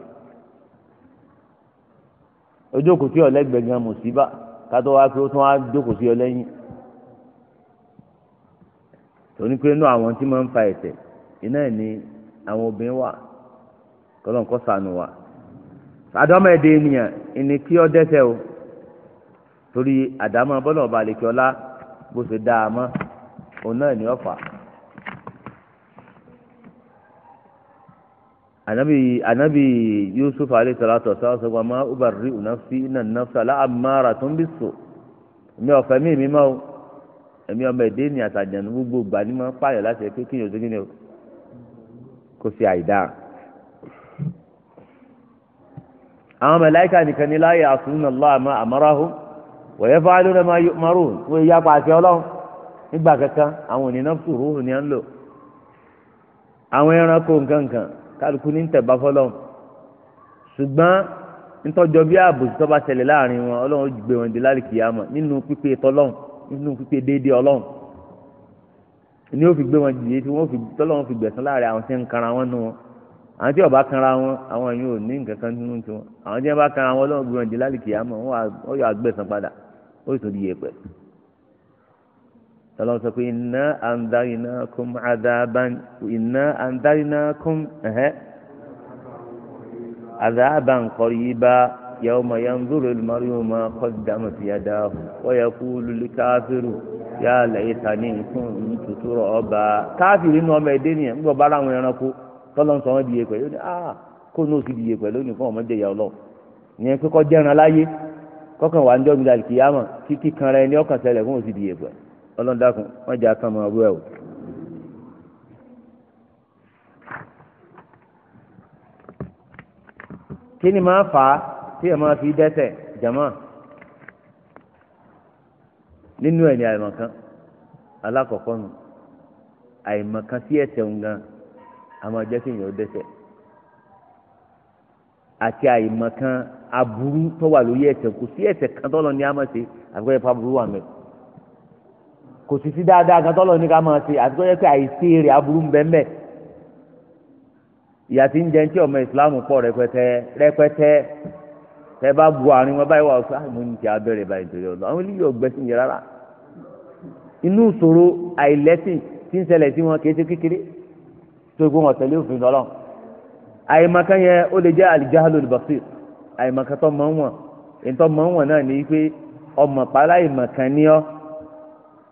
ojókòó sí ọ̀lẹ́gbẹ̀ẹ́ gan mùsíbà kátó wá pé ó tún wá jókòó sí ọlẹ́yìn torí pé inú àwọn tí máa ń fa ẹ̀tẹ̀ iná ẹ̀ ni àwọn obìnrin wà kọ́lọ́nkọ́ sànù wà àdọ́mọ̀ẹ́dẹ́ ènìyàn ìní kí ọ dẹ́ṣẹ̀ o torí àdámọ́ bọ́lọ̀ balẹ̀ kí ọlá bó ṣe dáa mọ́ òun náà ní ọ̀fà. anabi anabi yusuf alayhi salatu wa salam sọgbọn ma ubari unafsi ina nafsa ala amara tó ń bí so èmi ọ̀fẹ́ mi mi máa o èmi ọmọ èdè ní àtàjàn gbogbo gbà ní máa ń pààyàn láti ẹ̀kẹ́ kí ni òṣèlú ni o kò sí àìdá. àwọn màláíkà nìkan ní láyé àtúnú náà lọ́wọ́ àmọ́ àmọ́ráhùn wọ̀nyẹ́ fáwọn lónìí máa yọ márùn-ún wọ́n yá pa àṣẹ ọlọ́run nígbà kankan àwọn òní náà sùúrù òní à ń lò àwọn ẹranko nkankan kálukú ní tẹ̀bá fọlọ́ ṣùgbọ́n ntọ́jọ́ bí ààbòsí tó bá ṣẹlẹ̀ láàrin wọn ọlọ́run gbé wọn dé lálìkìyàmọ̀ nínú pípé tọ́lọ́run nínú pípé déédéé ọlọ́run ni ó fi gbé wọn dìde tí wọ́n fi tọ́lọ́run fi gbẹ̀sán láàrin àwọn tí ń kanra wọn nù wọn àwọn tí ó bá kanra wọn àwọn yìí ò ní nǹkan kan nínú tiwọn àwọn tí wọ́n bá kanra wọn ọlọ́run gbé wọn dé lálìkìyàmọ̀ wọ́n yọ àgbẹ̀sán padà ó sì tún di yẹpẹ̀. inna an pé iná àǹdáyìnà inna an iná àǹdáyìnà kún àdáàbán kọ̀rí bá يوم ينظر المرء ما قدمت يداه ويقول yaa يا ليتني كنت ترابا káfíìrì inú ọmọ ẹdẹ nìyẹn ńgbọ bára àwọn ẹranko tọ́lọ́ ń sọ wọ́n di yẹ pẹ̀lú ní ah kó ní oṣù di yẹ pẹ̀lú ní fún ọlọ́dàkùn wọ́n jẹ́ akán máa rú ẹ̀ o. kí ni máa fà á tí ẹ máa fi dẹ́ṣẹ̀ jàmáà nínú ẹ̀ ní àìmọ̀kan alákọ̀ọ́kọ́ nù àìmọ̀kan sí ẹ̀ṣẹ̀ ń gan a máa jẹ́ kéèyàn ó dẹ́ṣẹ̀ àti àìmọ̀kan aburú tó wà lórí ẹ̀ṣẹ̀ kò sí ẹ̀ṣẹ̀ kan tó lọ ní àmọ̀ ṣe àgbẹ̀yẹ̀fọ́ aburú wà mẹ́ta. kò sì sí dáadáa kan tọ́lọ̀ ní ká máa ṣe àti kó yẹ kí àìsí èrè aburú ń bẹ́ẹ̀ mẹ́ẹ̀ ìyá tí ń jẹ tí ọmọ ìsìláàmù pọ̀ rẹpẹtẹ rẹpẹtẹ tẹ bá bu àárín wọn báyìí wà ọ̀sán ah, àmì ní ti abẹ́rẹ́ báyìí nítorí ọ̀nà àwọn eléyìí sí rárá inú ìṣòro àìlẹ́sìn tí ń ṣẹlẹ̀ sí wọn kì í ṣe kékeré tó òfin ọmọ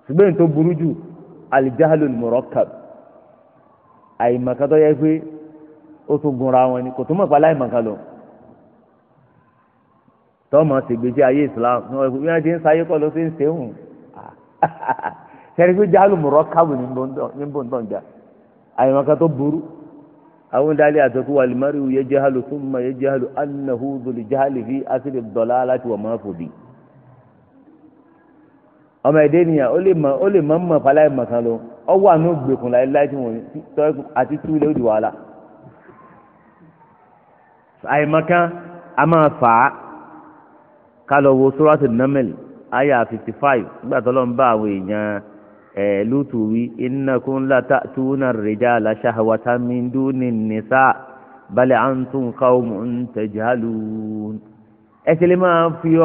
ṣùgbọ́n èyí tó burú jù alijahalu murakkab àìmọ̀kátọ́ yẹ pé ó tún gunra wọn ni kò tún mọ̀ pa láìmọ̀kán lọ tọ́mọ̀ ṣègbèsè ayé islam bí wọ́n ti ń sáyé kọ́ ló ṣe ń ṣéhùn sẹ́ni pé jahalu murakkab ní bòńdọ̀n jà àìmọ̀kátọ́ burú àwọn dalí àtọ́kù wàlímárì yẹ jahalu thumma yẹ jahalu annahu dhul jahali fi asli ad-dalalati wa ma fi ọmọ ẹdẹ nìyà ó lè mọ ó lè mọ mọ fàlàyé mọ kan ló ọwọ́ àánú gbèkùn láyé láyé tí wọn tọ àti tú lé òdì wàhálà àìmọ̀kan a máa fà á ká lọ wo sóràtì nàmẹl àyà fifty five nígbà tó lọ ń bá àwọn èèyàn ẹ lùtù wí innakum lata'tuna ar-rijala shahwatan min duni an-nisa bal antum qawmun tajhalun. ẹsẹlẹ máa fi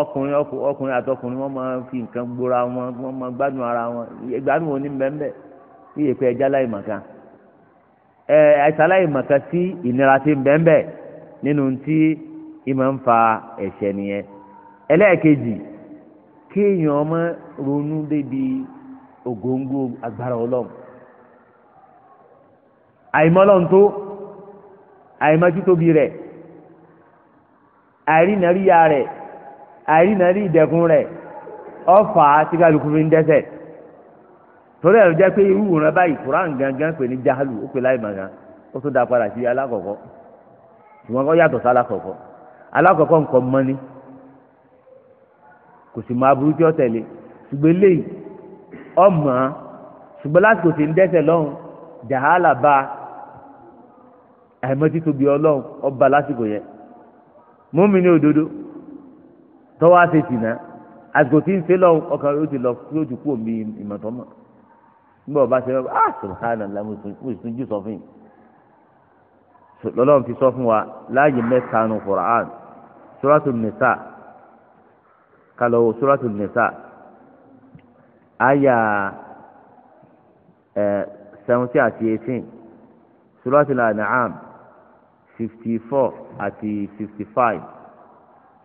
ọkùnrin ọkùnrin àtọkùnrin wọn máa fi nǹkan gbóra wọn wọn máa gbádùn ara wọn ìgbádùn wọn ní bẹ́ẹ̀nbẹ́ẹ́ bí ẹja láì màkà ẹ àìsàn láì màkà sí ìnira ti bẹ́ẹ̀nbẹ́ẹ́ nínú tí ìmọ̀ ń fa ẹ̀ṣẹ̀ nìyẹn ẹlẹ́ẹ̀kejì kéèyàn ọmọ ronú débi ògóńgó agbára ọlọ́run àìmọ́ ọlọ́run tó àìmọ́ títóbi àìrìnàríyá rẹ̀ àìrìnàrí rẹ rẹ̀ ọ̀fà tí kálukú fi ń dẹ́ṣẹ̀ torí ẹ̀rọ jẹ́ pé irú wòran báyìí kuran gangan pè ní jahalu ó pè láì màgán ó da padà sí alákọ̀ọ́kọ́ ṣùgbọ́n kọ́ yàtọ̀ sí alákọ̀ọ́kọ́ alákọ̀ọ́kọ́ nǹkan mọ́ni kò sì máa burú tí ó tẹ̀lé ṣùgbọ́n eléyìí ọmọ ṣùgbọ́n lásìkò tí múmi ní òdodo tọ́wọ́ àti tìǹà àsìkò tí ń ṣe lọ ọkàn rẹ̀ ó ti lọ kúrò jù kúrò bí ìmọ̀tọ́mọ̀ nígbà wọ́n bá ṣe lọ́wọ́ ah subhanallah mo sùn jù sọ fún yìí lọ́lọ́run fi sọ fún wa láàyè mẹ́ta nu Qur'an suratu nisa kálọ̀ suratu nisa àyà ẹ̀ eh, seventy àti eighteen suratu al-an'am. 54 four àti fifty five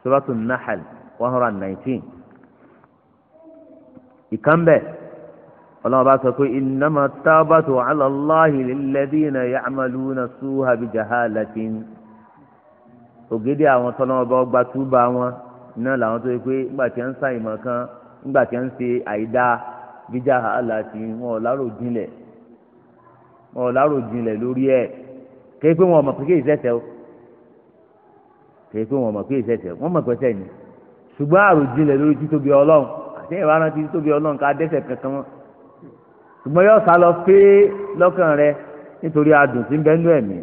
suratu nahal one ìkànnbẹ ọlọ́run bá sọ pé tábàtò ògidì àwọn tọ́lọ́wọ́ bá wọn náà làwọn tó yẹ pé ńgbà tí wọ́n ń kan ńgbà tí wọ́n ń àìdá kéé pé wọn mọ̀ pé kéé sẹ́sẹ́ o kéé pé wọn mọ̀ pé kéé sẹ́sẹ́ o wọ́n mọ̀ pé sẹ́yìn ni ṣùgbọ́n àròjinlẹ̀ lórí títóbi ọlọ́run àti ìwà rántí títóbi ọlọ́run ká dẹ́sẹ̀ kankan mọ́ ṣùgbọ́n yóò sá lọ pé lọ́kàn rẹ nítorí adùn tí ń bẹ́ẹ̀ nú ẹ̀mí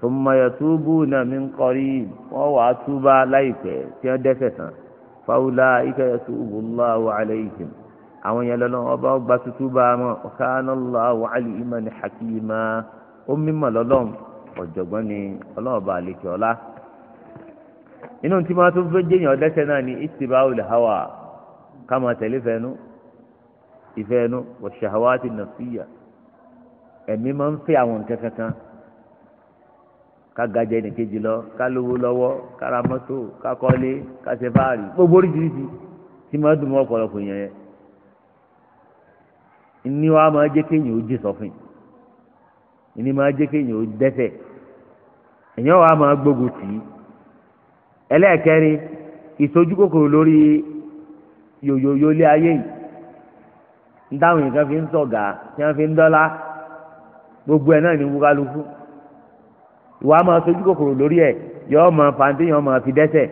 tòmọ̀yọ̀ túbú náà mi ń kọrí wọ́n wàá túbá láìpẹ́ tí wọ́n dẹ́sẹ̀ tán fáwùlà ìkẹyẹ túbú lọ́wọ́ alẹ́ ìkìm àwọn yẹn lọ́nà ọba ọgbà tútúbà mọ́ ọ̀kánà lọ́wọ́ alẹ́ ìmọ̀ ní hakima ó mímọ̀ lọ́lọ́run ọ̀jọ̀gbọ́n ni ọlọ́ọ̀bà àlekè ọlá inú tí máa tún fẹ́ jẹ́yìn ọ̀dẹ́sẹ̀ náà ni ìtìbá olè hawa ká máa tẹ̀lé fẹ́nu ìfẹ́nu ọ̀ṣàwá ti nà síyà ẹ̀mí máa ń fẹ́ àwọn nǹkan kankan ká gajẹ nìkejì lọ ká lówó lọ́wọ́ ká ra mọ́tò ká gbogbo oríṣiríṣi tí máa dùn mọ́ ọ̀pọ̀lọpọ̀ yẹn ní wàá máa jẹ́ kéèyàn ó jì sọ́fìn ìní máa jẹ́ kéèyàn ó dẹ́sẹ̀ èèyàn wàá máa gbógun tì í ẹlẹ́ẹ̀kẹrin ìsojú kòkòrò lórí yòyòyò ilé ayé yìí ń dáhùn nǹkan fi ń sọ̀gà tí wọ́n fi ń dọ́lá gbogbo ẹ̀ náà ní wúkálukú ìwà máa sojú kòkòrò lórí ẹ̀ yọ máa fàǹtí yọ máa fi dẹ́sẹ̀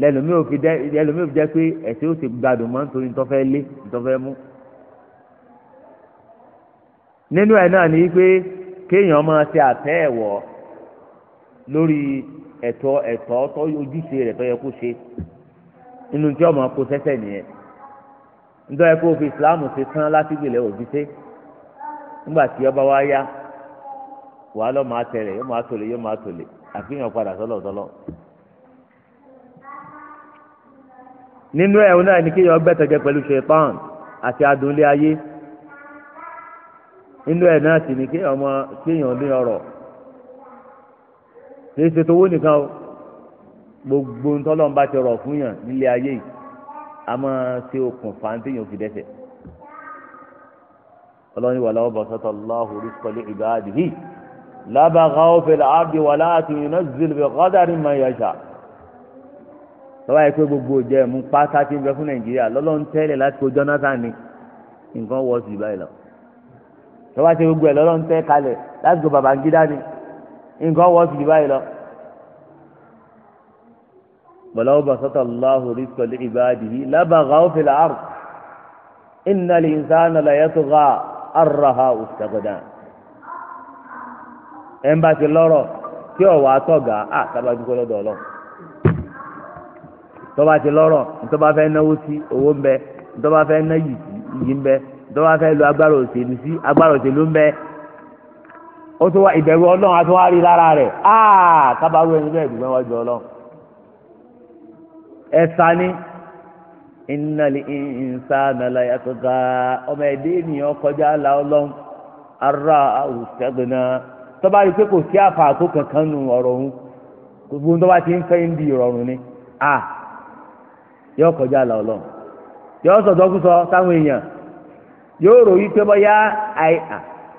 lẹ́lòmíì ò fi jẹ́ pé ẹ̀sìn ò sì gbádùn mọ́ nítorí ntọ́fẹ́ lé ntọ́fẹ́ mú nínú ẹ̀ náà ní pé kéèyàn máa ṣe àtẹ́ ẹ̀wọ̀ lórí ẹ̀tọ́ ẹ̀tọ́ tó ojúṣe rẹ̀ tó yẹ kó ṣe inú tí ọmọ kó sẹ́sẹ̀ nìyẹn nítorí ẹ kó fi ìsìláàmù ṣe tán láti gbèlẹ̀ òbíṣe nígbà tí ọba wa yá wàá lọ́ máa tẹ̀lé yóò máa tòlé yóò máa tòlé àfihàn padà sọ́lọ̀sọ́lọ̀. nínú ẹ̀ wọn náà ní kéèyàn gbẹ́tẹ̀jẹ pẹ̀lú ṣèpán àti adùnlé ayé inú ẹ̀ náà sì ní kí ọmọ kéèyàn ní ọrọ̀ kì í ṣe tówó nìkan o gbogbo ntọ́lọ́mba ti rọ̀ fún yàn nílé ayé yìí a máa ṣe okùnfà téèyàn fi dẹ́sẹ̀ ọlọ́ni wà láwọn bọ̀ sọ́tọ̀ lọ́hùn rísọ́lé ìbáàdì yìí lábàgà òfèlè àbí wà láti yìí náà zilbẹ̀ kọ́dárì máa yàṣà lọ́wọ́ yìí gbogbo ìjẹ́ mú pátá ti ń bẹ fún nàìjíríà lọ́lọ́run tẹ́lẹ̀ láti kó jonathan ni nǹkan wọ́ sí báyìí lọ́wọ́ lọ́wọ́ àti gbogbo ẹ̀ lọ́lọ́ ń tẹ́ kalẹ̀ láti gbọ́ Babangida ni nǹkan wọ́ sí ibáyìí lọ. bọ̀lá ó bá sọ́tọ̀ lọ́hù rí pẹ̀lú ìbáàdìhí lábàgà ó fìlà àrù iná lè ń sáà nàlà yẹtù gà àràhà òṣìṣàgọ̀dà. ẹ̀ ń bá ti lọ́rọ̀ tí ọ̀wà àtọ̀gà á sábà dúpẹ́ lọ́dọ̀ ọlọ́ tọ́ba ti lọ́rọ̀ ntọ́ba fẹ́ náwó sí owó ń bẹ ntọ́ba fẹ́ ná sí iyì ń bẹ dọ́wọ́ fẹ́ lo agbára òṣèlú sí agbára òṣèlú ń ó tún wá ìbẹ̀rù ọlọ́run àti wọ́n lára rẹ̀ áà ẹni bẹ́ẹ̀ dùgbọ́n wọ́n ọlọ́run ẹ̀sà ni innal insana la yatgha ọmọ ẹ̀dẹ́ ènìyàn kọjá la ọlọ́run ara tọ́ba rí pé kò sí kankan nù ọ̀rọ̀ òun gbogbo tọ́ba ti ń fẹ́ ń di ìrọ̀rùn ni yọ kọjá la ọlọ́run yóò rò yí pé bọ́yá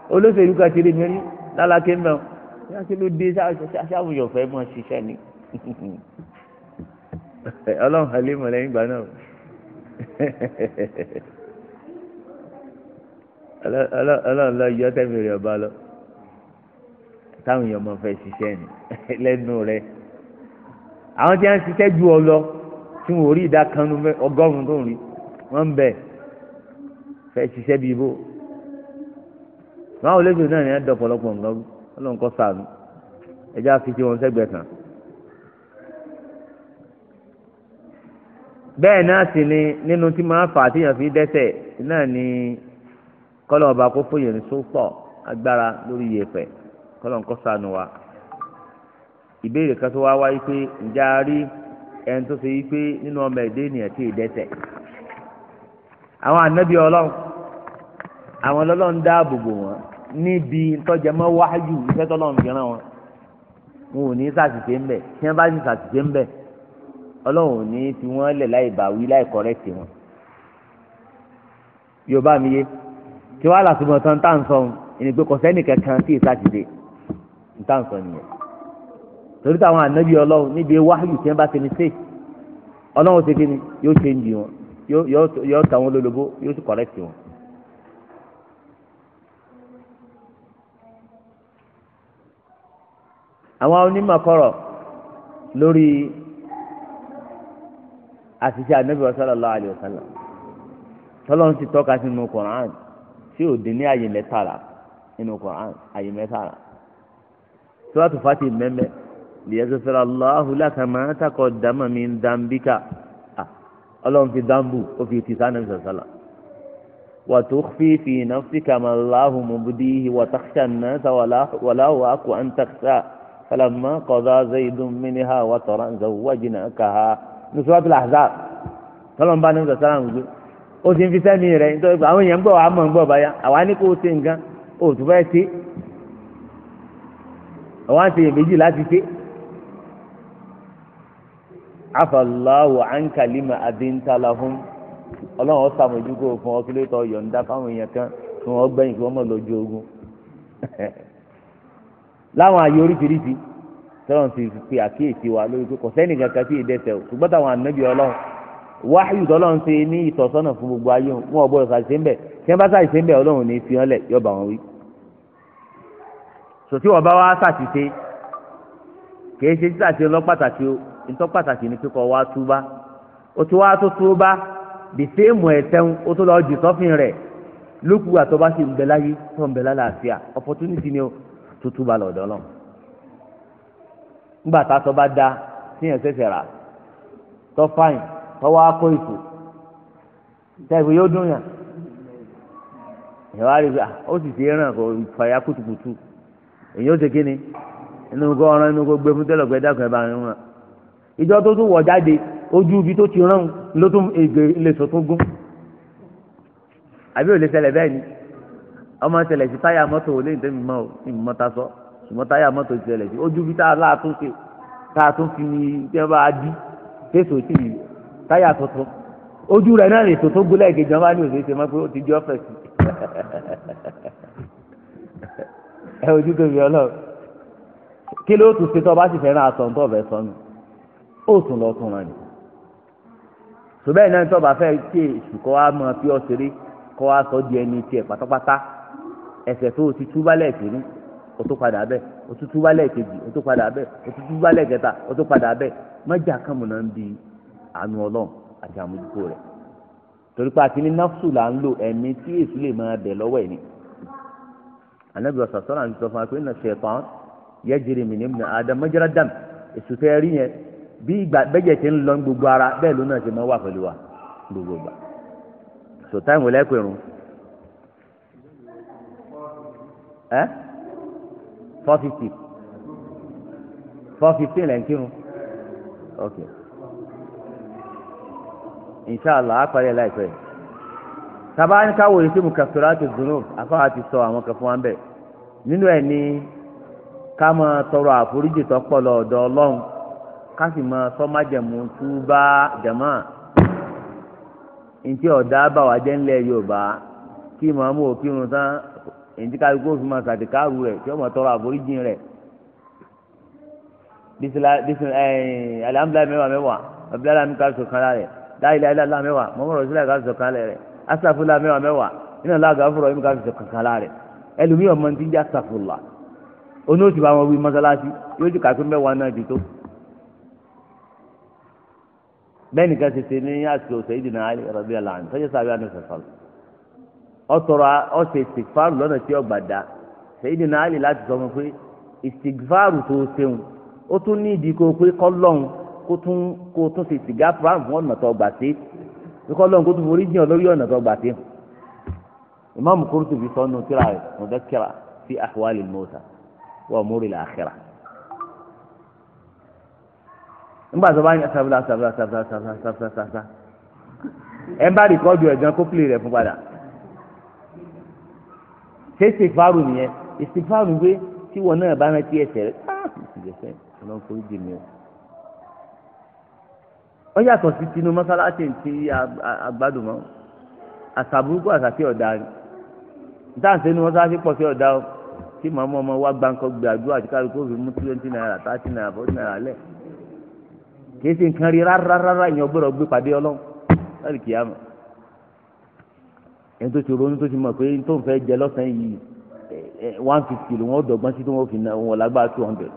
olóṣèlú kan ti rí mi rí lálákè mẹ́wọ́n yá kí ló dé sáwùjọ fẹ́ mọ́ ṣiṣẹ́ ni ọlọ́run àlè mọ̀ lẹ́yìn ìgbà náà ọlọ́run lọ yọ tẹ́mi rẹ̀ ọba lọ táwọn èèyàn máa fẹ́ ṣiṣẹ́ ni lẹ́nu rẹ̀ àwọn tí wọ́n ń ṣiṣẹ́ ju ọ lọ tí wọ́n rí ìdá kan ọgọ́rùn-ún tó ń rí wọ́n ń bẹ̀ẹ́. fẹ́ ṣiṣẹ́ bíi bó máa náà ní ẹdọ ọ̀pọ̀lọpọ̀ nǹkan Ọlọ́run kọ ẹjẹ àfijì wọn sẹgbẹ kan. bẹ́ẹ̀ náà sì ni nínú tí máa fà á tíyàn fi dẹ́ṣẹ̀ náà ni kọlọ ọba kó fòye ní agbára lórí wa. ìbéèrè kan tó wá wáyé pé ǹjẹ́ a rí ẹni àwọn ànábì ọlọ́run àwọn ọlọ́run dáàbò bò wọ́n níbi tọ́jẹmọ́ wáyù iṣẹ́ tọ́lọ́run fi ràn wọ́n wọn ò ní ṣàṣìṣe ńbẹ tí wọ́n bá sì ṣàṣìṣe ńbẹ ọlọ́run ò ní fi wọ́n lẹ̀ láì bàwí láì kọ́rẹ́tì wọn. yorùbá mi yé tí wàhálà súnmọ́ tán tá à ń sọ ìnìgbé kọ̀sẹ́nì kankan tí ìṣàṣìṣe ń tá à ń sọ nìyẹn torí táwọn ànábì ọlọ́run níbi wáyù tí wọ́n bá ṣe ní sèé ọlọ́run ṣe kí ni yóò ṣe ń jì wọn yóò ta wọn lólobó yóò sì kọrẹ́tì wọn. àwọn onímọ̀kọ́rọ̀ lórí àṣìṣe ànábì sallallahu alaihi wasallam tọ́lọ́run ti tọ́ka sínú Qur'an tí ò dín ní àyè mẹ́tàlá nínú Qur'an àyè mẹ́tàlá Suratu Fatih mẹ́mẹ́ liyazfira Allahu laka ma taqaddama min dambika ọlọ́run fi dáńbù ó fi ti sànà sàsàlà wa tukhfi fi nafsika ma Allahu mubdihi wa takhsha an-nasa walahu aku an takhsha falamma qada zaydun minha wa taran zawwajnakaha ní suratul ahzab tọ́lọ́n bá nínú sàsàlà ń gbé ó ti ń fi sẹ́mi rẹ̀ nítorí pé àwọn èèyàn ń gbọ́ wàá mọ̀ ń gbọ́ báyà àwa ní kó o nǹkan o tún fẹ́ ṣe àwa ń ṣe èméjì láti ṣe afọláwo ankalima adintalahun ọlọ́run ọ̀sàmójúkọ fún ọkìlẹ́tọ̀ yọ̀ǹda fáwọn èèyàn kan tí wọ́n gbẹ̀yìn kí wọ́n mọ̀ lójú ogun láwọn àyè oríṣiríṣi tọ́lọ́n ti fi àkíyèsí wa lórí pé kò sẹ́ni kankan sí ìdẹ́sẹ̀ o ṣùgbọ́n táwọn ànábì ọlọ́run wáyù tọ́lọ́n ti ní ìtọ́sọ́nà fún gbogbo ayé wọn ò gbọ́dọ̀ sàṣẹ́ ńbẹ̀ tí wọ́n bá sàṣẹ́ ńbẹ̀ ọlọ́run ní fi hànlẹ̀ yọ̀bà wọn wí. sòtí wọn bá wá sàṣìṣe kì í ṣe sísàṣe lọ pàtàkì o ntọ́ pàtàkì ní kíkọ́ wá túbá ó ti wá tó túbá bìtẹ́ mọ̀ ẹ̀sẹ̀hún ó tó lọ jù sọ́fìn rẹ̀ lókù àtọ́bá sì ń bẹ láyé tó ń bẹ lálàáfíà opportunity ni tó túbá ńgbà a sọ bá da si ṣẹ̀ṣẹ̀ rà tọ́ fáìn tọ́wọ́ á kó ìfò tẹ́ẹ̀fù yóò dún yàn ìwà rí ó sì ti ràn kó fàyà kùtùkùtù èyí ó ṣe kí ni inú kó ọ̀ràn inú ìjọ tó tún wọ̀ jáde ojú ibi tó ti rán ló tún ègbè lèso tó gún àbí ò lè ṣẹlẹ̀ bẹ́ẹ̀ ni ọmọ ṣẹlẹ̀ sí táyà mọ́tò ò lè ń tẹ́mi mọ́ ò ní mọ́ta sọ ṣùgbọ́n táyà mọ́tò ti ṣẹlẹ̀ sí ojú ibi tá a lá tún ṣe tá a tún fi tí wọ́n bá dí fèsò sí i táyà tuntun ojú rẹ̀ náà lè tòótó gúnlẹ̀ ìkejì wọn bá ní òṣèlú ṣe mọ́ pé ó ti di ọ́fẹ̀sì ẹ ojú tóbi ọlọ́run kí ló tún ṣe tó o bá sì fẹ́ràn aṣọ tó ọ̀bẹ sọnù o tún lọ ni ṣùgbọ́n ìnáwó tó bá fẹ́ tí èṣù kọ́ wa mọ fi ọ́ ṣeré kọ́ wa di ẹni tiẹ̀ pátápátá ẹsẹ̀ tó o ti tú bálẹ̀ o tó padà bẹ́ẹ̀ o tó tú bálẹ̀ o tó padà bẹ́ẹ̀ o tó tú bálẹ̀ o tó padà bẹ́ẹ̀ kan ń bi àánú ọlọ́run àti àmójútó rẹ̀ torí pé àti ní là ń lò ẹ̀mí ni anabi sọ́nà àti sọ fún wa pé iná ṣẹ̀tàn yẹ́jìrì bí ìgbà bẹ́jẹ̀ ti ń lọ gbogbo ara bẹ́ẹ̀ ló náà ti máa wà pẹ̀lú wa gbogbo gbà so táìmù lẹ́kọ̀ọ́ irun ẹ four fifty four fifteen lẹ́ ń kírun ok inshallah àpàlẹ́ láìpẹ́ taba ni káwọ yìí sí mu kàfìrà tó dùnú afáwà ti sọ àwọn kan fún wa bẹ́ẹ̀ nínú ẹ̀ ní ká máa tọrọ àforíjì tó pọ̀ lọ́dọ̀ ọlọ́run káfí máa sọ́mà ba tú bá jẹ̀má ntí ọ̀dà báwa jẹ́ ńlẹ̀ yorùbá kí màmú òkírun tán ntí kálukú òfin máa sàdékàrú rẹ̀ tí ọmọ tọrọ àforíjìn rẹ̀ bisila bisila ẹẹ alihamdulilayi mẹ́wàá mẹ́wàá abilayi mi ka sọ kan la rẹ̀ dáhìlá ilá la mẹ́wàá mọ́mọ́ rọ̀ sílẹ̀ ká sọ kan la rẹ̀ asàfùlà mẹ́wàá mẹ́wàá iná lága fúrọ̀ mi ká sọ kan la rẹ̀ ẹlòmíràn mọ̀ ní ti ń jẹ́ asàfùlà onóòtú bá wọn wí mọ́sálásí yóò ti kàtó mẹ́wàá náà ti tó bẹ́ẹ̀ nìkan ṣe ṣe ní àsìkò Sayyidina Ali radiyallahu anhu sọ́jọ́ sábẹ́ àná sọ̀sọ̀rọ̀ ọ̀sọ̀rọ̀ ọ̀sẹ̀ ìsìkfàrù lọ́nà tí ọgbà dá Sayyidina Ali láti sọ fún pé ìsìkfàrù tó ṣeun ó tún ní ìdí kó pé kọ́lọ́n kó tún kó tún ṣe ìsìgá fúrán fún ọ̀nà tó gbà sí kọ́lọ́n kó tún forí jìn lórí ọ̀nà tó gbà sí. Imam nígbà tó bá ń sabula sabula sabula sabula sabula sabula ẹ bá rìkọ́dù ẹ̀ gan kó pìlì rẹ̀ fún padà ṣé ìsìfàrù nìyẹn ìsìfàrù pé tí wọn náà bá rántí ẹsẹ̀ rẹ̀ ìsìlẹ̀fẹ́ ah, ọlọ́run kò jì mí o. ó yàtọ̀ sí tinú mọ́sálásí ti àgbàdùn mọ́ àṣàbùrúkú àṣàtì ọ̀dà ni dáǹsẹ́ ni mọ́sálásí pọ̀ sí ọ̀dà o tí màmú ọmọ wa gbáǹkọ́ gbé àdúrà tí kálukú fi mú twenty naira thirty naira forty naira lẹ́ẹ̀ kìí ṣe nǹkan rí rárá rárá ìyẹn ọgbẹ́rọ̀ gbé pàdé ọlọ́run láti kìí àmọ́ ẹni tó ti ronú tó ti mọ̀ pé tó ń fẹ́ jẹ lọ́sàn-án yìí one fifty ló wọ́n dọ̀gbọ́n sí tó wọ́n fi na wọn lágbára two hundred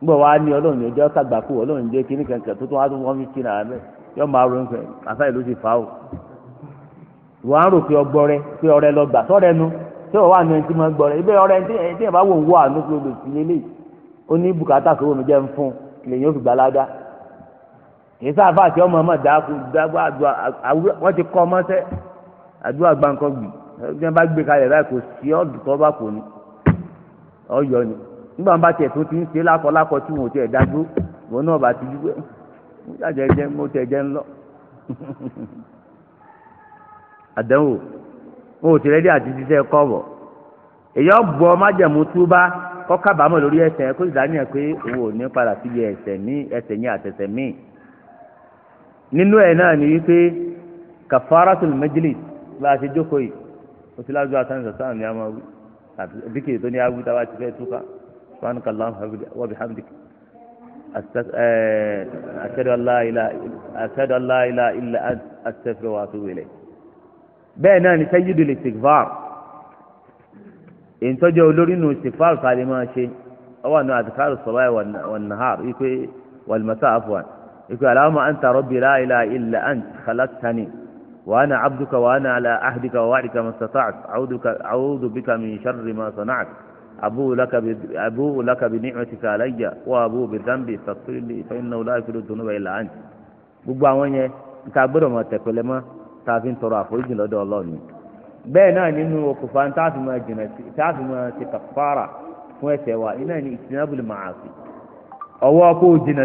nígbà wàá ní ọlọ́run yẹn jẹ́ ọ̀sàgbà kú ọlọ́run jẹ́ kíní kankan tó tó wá tó one fifty náà bẹ́ẹ̀ yọ máa ronú fẹ́ àfáà ló ti fà ó wọ́n á rò pé ọgbọ́ rẹ pé ọrẹ lọ gbà sọ́rẹ́ nu tí wọ́n wà ní ẹni tí wọ́n gbọ́ rẹ ibẹ̀ ọrẹ tí ẹ̀ bá wò ń wọ àánú pé olùsí lélẹ̀ ó ní bùkátà sówó mi jẹ́ ń fún lèyìn ó fi gbà kì í sáfà àti ọmọ ọmọ dàákú dàákú àdúrà wọn ti kọ ọmọ sẹ àdúrà gbàǹkan gbì ẹgbẹ́ bá gbé kalẹ̀ báyìí kò sí ọ̀dùn tó bá kò ní ọ̀yọ́ ni nígbà wọn bá tiẹ̀ tó ti ń ṣe lákọlákọ tí wọn ò tiẹ̀ dájú wọn náà bá ti dúpẹ́ jáde jẹ mo tẹ jẹ ńlọ àdánwò wọn ò tẹ̀lé dé àti ṣiṣẹ́ kọ́ọ̀bọ̀ èyí ọ̀bọ̀ májẹ̀mú túbá kọ́ kábàámọ̀ lórí ẹ̀ṣẹ̀ kó ìdánilẹ̀ pé òun ò ní padà síbi ẹ̀ṣẹ̀ ní ẹ̀ṣẹ̀ yẹn àtẹ̀ṣẹ̀ míì nínú ẹ̀ náà ni wípé kàfàràtul majlis bá a ṣe jókòó yìí o ti lájú àtàwọn ìṣẹ̀ṣẹ̀ àwọn ní a máa wí àti bíkì tó ní agbí táwa ti fẹ́ túká fani kàlám wa bihamdik ashhadu an la ilaha illa ant astaghfiruka wa atubu ilayk bẹ́ẹ̀ náà ni sayyidul istighfar ìtọ́jú olórí nù istighfar kàlí máa ṣe ọwọ́ àná àdìkárù sọ̀rọ̀ ẹ̀ wọ̀n nàhàr wípé wàlùmọ́tà àfọ̀wọ̀n ikú aláwọ̀mọ̀ à ń tàrọ́ bí la ilaha illa ant khalaqtani wa ana abduka wa ana ala ahdika wa wa'dika mastata'at a'udhu bika min sharri ma sana'at abu laka bi abu laka bi ni'matika alayya wa abu bi dhanbi faghfirli fa innahu la yaghfiru dhunuba illa ant gbogbo àwọn yẹn nta gbọ́dọ̀ mọ̀ tẹ̀pẹ̀lẹ́ mọ́ tá tọrọ àforíjì lọ́dọ̀ Ọlọ́run bẹ́ẹ̀ náà nínú okùnfà tá a fi máa jìnà ti kàfàrà fún ẹ̀ṣẹ̀ wa iná ní ìtìnàbùlù màá fi ọwọ́ kó o jìnà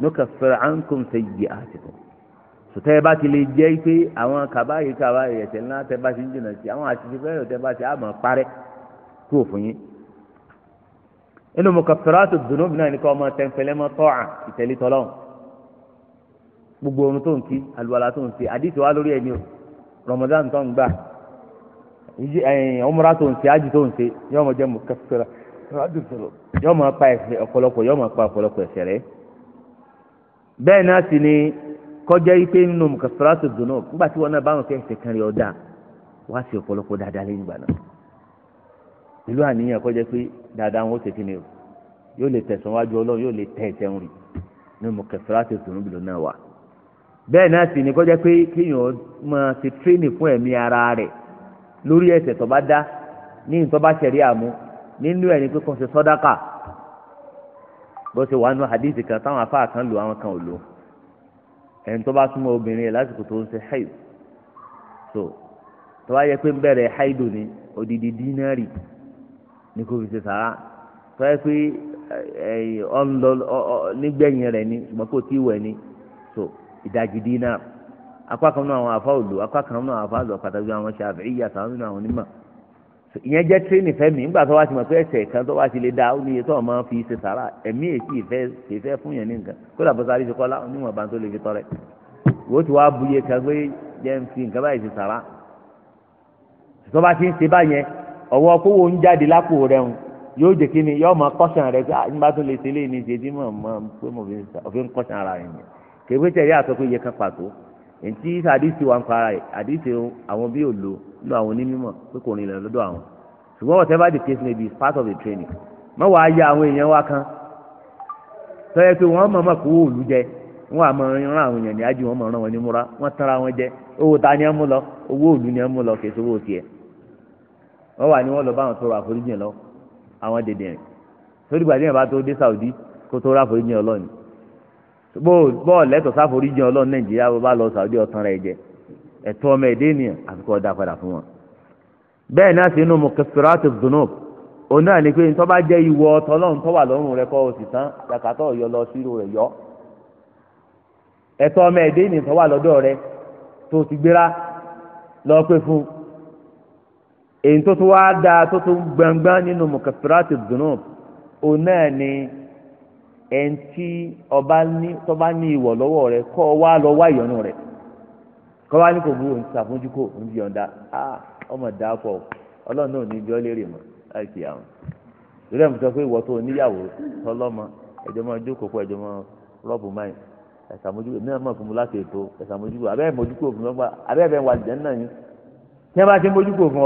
nukaffir ankum sayyi'atikum sọtẹ́ bá ti lè jẹ́ pé àwọn kàbáyé kàbáyé ẹ̀ṣẹ̀ ńlá tẹ́ bá ti ń jìnnà sí àwọn àṣìṣe fẹ́rẹ̀ tẹ́ bá ti àmọ́ parẹ́ kú òfin yín inú mukafiratu dunub náà ní kọ́ ọmọ tẹ̀m̀pẹ̀lẹ́ mọ́ tọ́à ìtẹ̀lé tọ́lọ́hún gbogbo ohun tó ń kí àlùwàlá tó ń ṣe àdìsí wa lórí ẹni o Ramadan tó ń gbà ọmọra tó ń ṣe ájì tó ń ṣe yọọ jẹ mukafiratu dunub yọọ pa ọ̀pọ̀lọpọ̀ yọọ mọ pa ọ̀pọ̀lọpọ̀ ẹ̀ṣẹ̀ rẹ̀ bẹ́ẹ̀ náà sì ni kọjá ipe nínú mùkàsáràtò dùnú nígbà tí wọn náà bá wọn fẹ́ ẹsẹ̀ kan rí ọ̀dà wá sí ọ̀pọ̀lọpọ̀ dáadáa lẹ́yìn ìgbà náà ìlú àníyàn kọjá pé dáadáa wọn ó ṣe kíni o yóò lè tẹ̀sán wájú ọlọ́run yóò lè tẹ̀ ẹ̀sẹ̀ ń rì nínú mùkàsáràtò dùnú bìlọ náà wà bẹ́ẹ̀ náà sì ni kọjá pé kéèyàn máa ṣe tírénì bó ṣe wà nínú hadith kan táwọn afá kan lò àwọn kan ò lò ẹni tó bá súnmọ́ obìnrin yẹn lásìkò tó ń ṣe haid so tó bá yẹ pé ń bẹ̀rẹ̀ haidu ni odidi dínárì ní kò fi ṣe sàrà tó yẹ pé ọ nígbẹ̀yìn rẹ̀ ni ṣùgbọ́n kò tí ì wẹ̀ ni so ìdajì dínárì apá kan náà àwọn afá ò lò apá kan náà àwọn afá lò pàtàkì àwọn ṣàfihàn ìyàtọ̀ àwọn onímọ̀ ìyẹn jẹ́ tírénì fẹ́mi nígbà tó wá ti mọ̀ pé ẹsẹ̀ kan tó wá ti lè da ó ní iye tó ọmọ fi ṣe sàrà ẹ̀mí èsì ìfẹ́ ìfẹ́ fún yẹn ní nǹkan kódà bó sáré ṣe kọ́lá onímọ̀ bá ń tó lè fi tọrẹ wò ó ti wá bu iye kan pé jẹ́ ń fi nǹkan báyìí ṣe sàrà tó bá ti ń ṣe báyẹn ọ̀wọ́ kówó ń jáde lápò rẹ̀ ń yóò jẹ́ kí ni yóò mọ kọ́sàn rẹ̀ pé ah, nígbà tó lè ṣe lé ní ṣe tí mọ̀ mọ̀ pé mo fi ń kọ́sàn ara rẹ̀ yẹn kèwé tẹ̀lé ntí àdìsí wa ń para ẹ̀ àdìsí àwọn bí òlò nínú àwọn onímọ̀ pé kò rìnlẹ̀ lọ́dọ̀ àwọn ṣùgbọ́n whatever the case may be part of the training mọ́ wàá ya àwọn èèyàn wa kan tọ́yẹ pé wọ́n mọ̀ mọ̀ kó òòlù jẹ wọ́n àmọ́ ran àwọn èèyàn ní ájú wọn mọ̀ ran wọn ní múra wọ́n tanra wọn jẹ owó ta ni ẹ mú lọ owó òòlù ni ẹ mú lọ kì í sọ owó tiẹ̀ wọ́n wà ní wọ́n lọ bá àwọn tọrọ àforíjì lọ àwọn dèdè rìn torí gbàdúrà bá tó dé Saudi kó tó rà àforíjì ọlọ́ọ̀ni bọ́ọ̀ lẹ́tọ̀ọ́ sáforíjì ọlọ́run nàìjíríà bó bá lọ sàwọ́dí ọ̀tàn rẹ̀ jẹ ẹ̀tọ́ ọmọ ẹ̀dẹ́ ènìyàn àfikún ọ̀dà padà fún wọn. bẹ́ẹ̀ náà sí inú mukassiratu dhunub òun náà ni pé tó bá jẹ́ ìwọ ọ̀tọ́lọ́run tó wà lọ́rùn rẹ kọ́ òsì tán yàkàtọ̀ yọ lọ sírò rẹ̀ yọ. ẹ̀tọ́ ọmọ ẹ̀dẹ́ ènìyàn tó wà lọ́dọ̀ rẹ tó ti gbéra lọ pé fún èyí tó tún wá dáa tó tún gbọ̀ngbọ́n nínú mukassiratu dhunub òun náà ni ẹnití ọba ní tọ́ba ní ìwọ̀ lọ́wọ́ rẹ kọ́ wá lọ wá ìyọnu rẹ kọ́ ní kò burú ní sàfúnjúkò ní yọ̀ǹda á ọmọ dáa pọ̀ ọlọ́run náà ní ibi ọ́ láìsí àwọn lórí àmì sọ pé ìwọ tó níyàwó máa jókòó máa máì fún mi láti ètò bá ti fún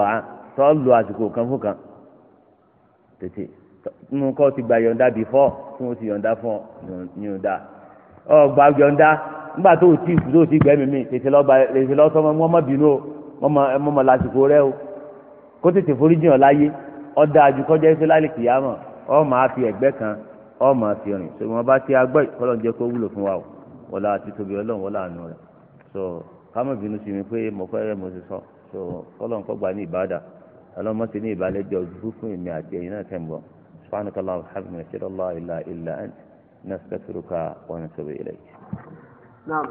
ọ tó lo àsìkò kan fún kan tètè nínú kọ́ ti gba yọ̀ǹda bìfọ́ tí wọ́n ti yọ̀ǹda fún ọ yọ̀ǹda ọ gba yọ̀ǹda nígbà tó o ti tó o ti gbẹ́mí mi tètè lọ́ba tètè lọ́sọ́ mọ́ mọ́ bínú o mọ́ mọ́ lásìkò rẹ o kó tètè foríjì hàn láyé ọ dáa ju kọjá ife lálẹ́ kìyàmọ̀ ọ máa fi ẹ̀gbẹ́ kan ọ máa fi rìn so wọn bá ti agbọ́ ìkọlọ́n jẹ́ kó wúlò fún wa o wọlá àti tóbi ọlọ́run wọlá àánú rẹ so ká má bínú sí mi pé mo fẹ́ rẹ mo ti sọ so kọ́lọ́n kọ́ gbà ní ìbádà ọlọ́mọ ti ní ìbálẹ́jọ́ burúkú èmi àti ẹ̀yin náà سبحانك اللهم وبحمدك اشهد الله لا الا انت نستغفرك ونتوب اليك نعم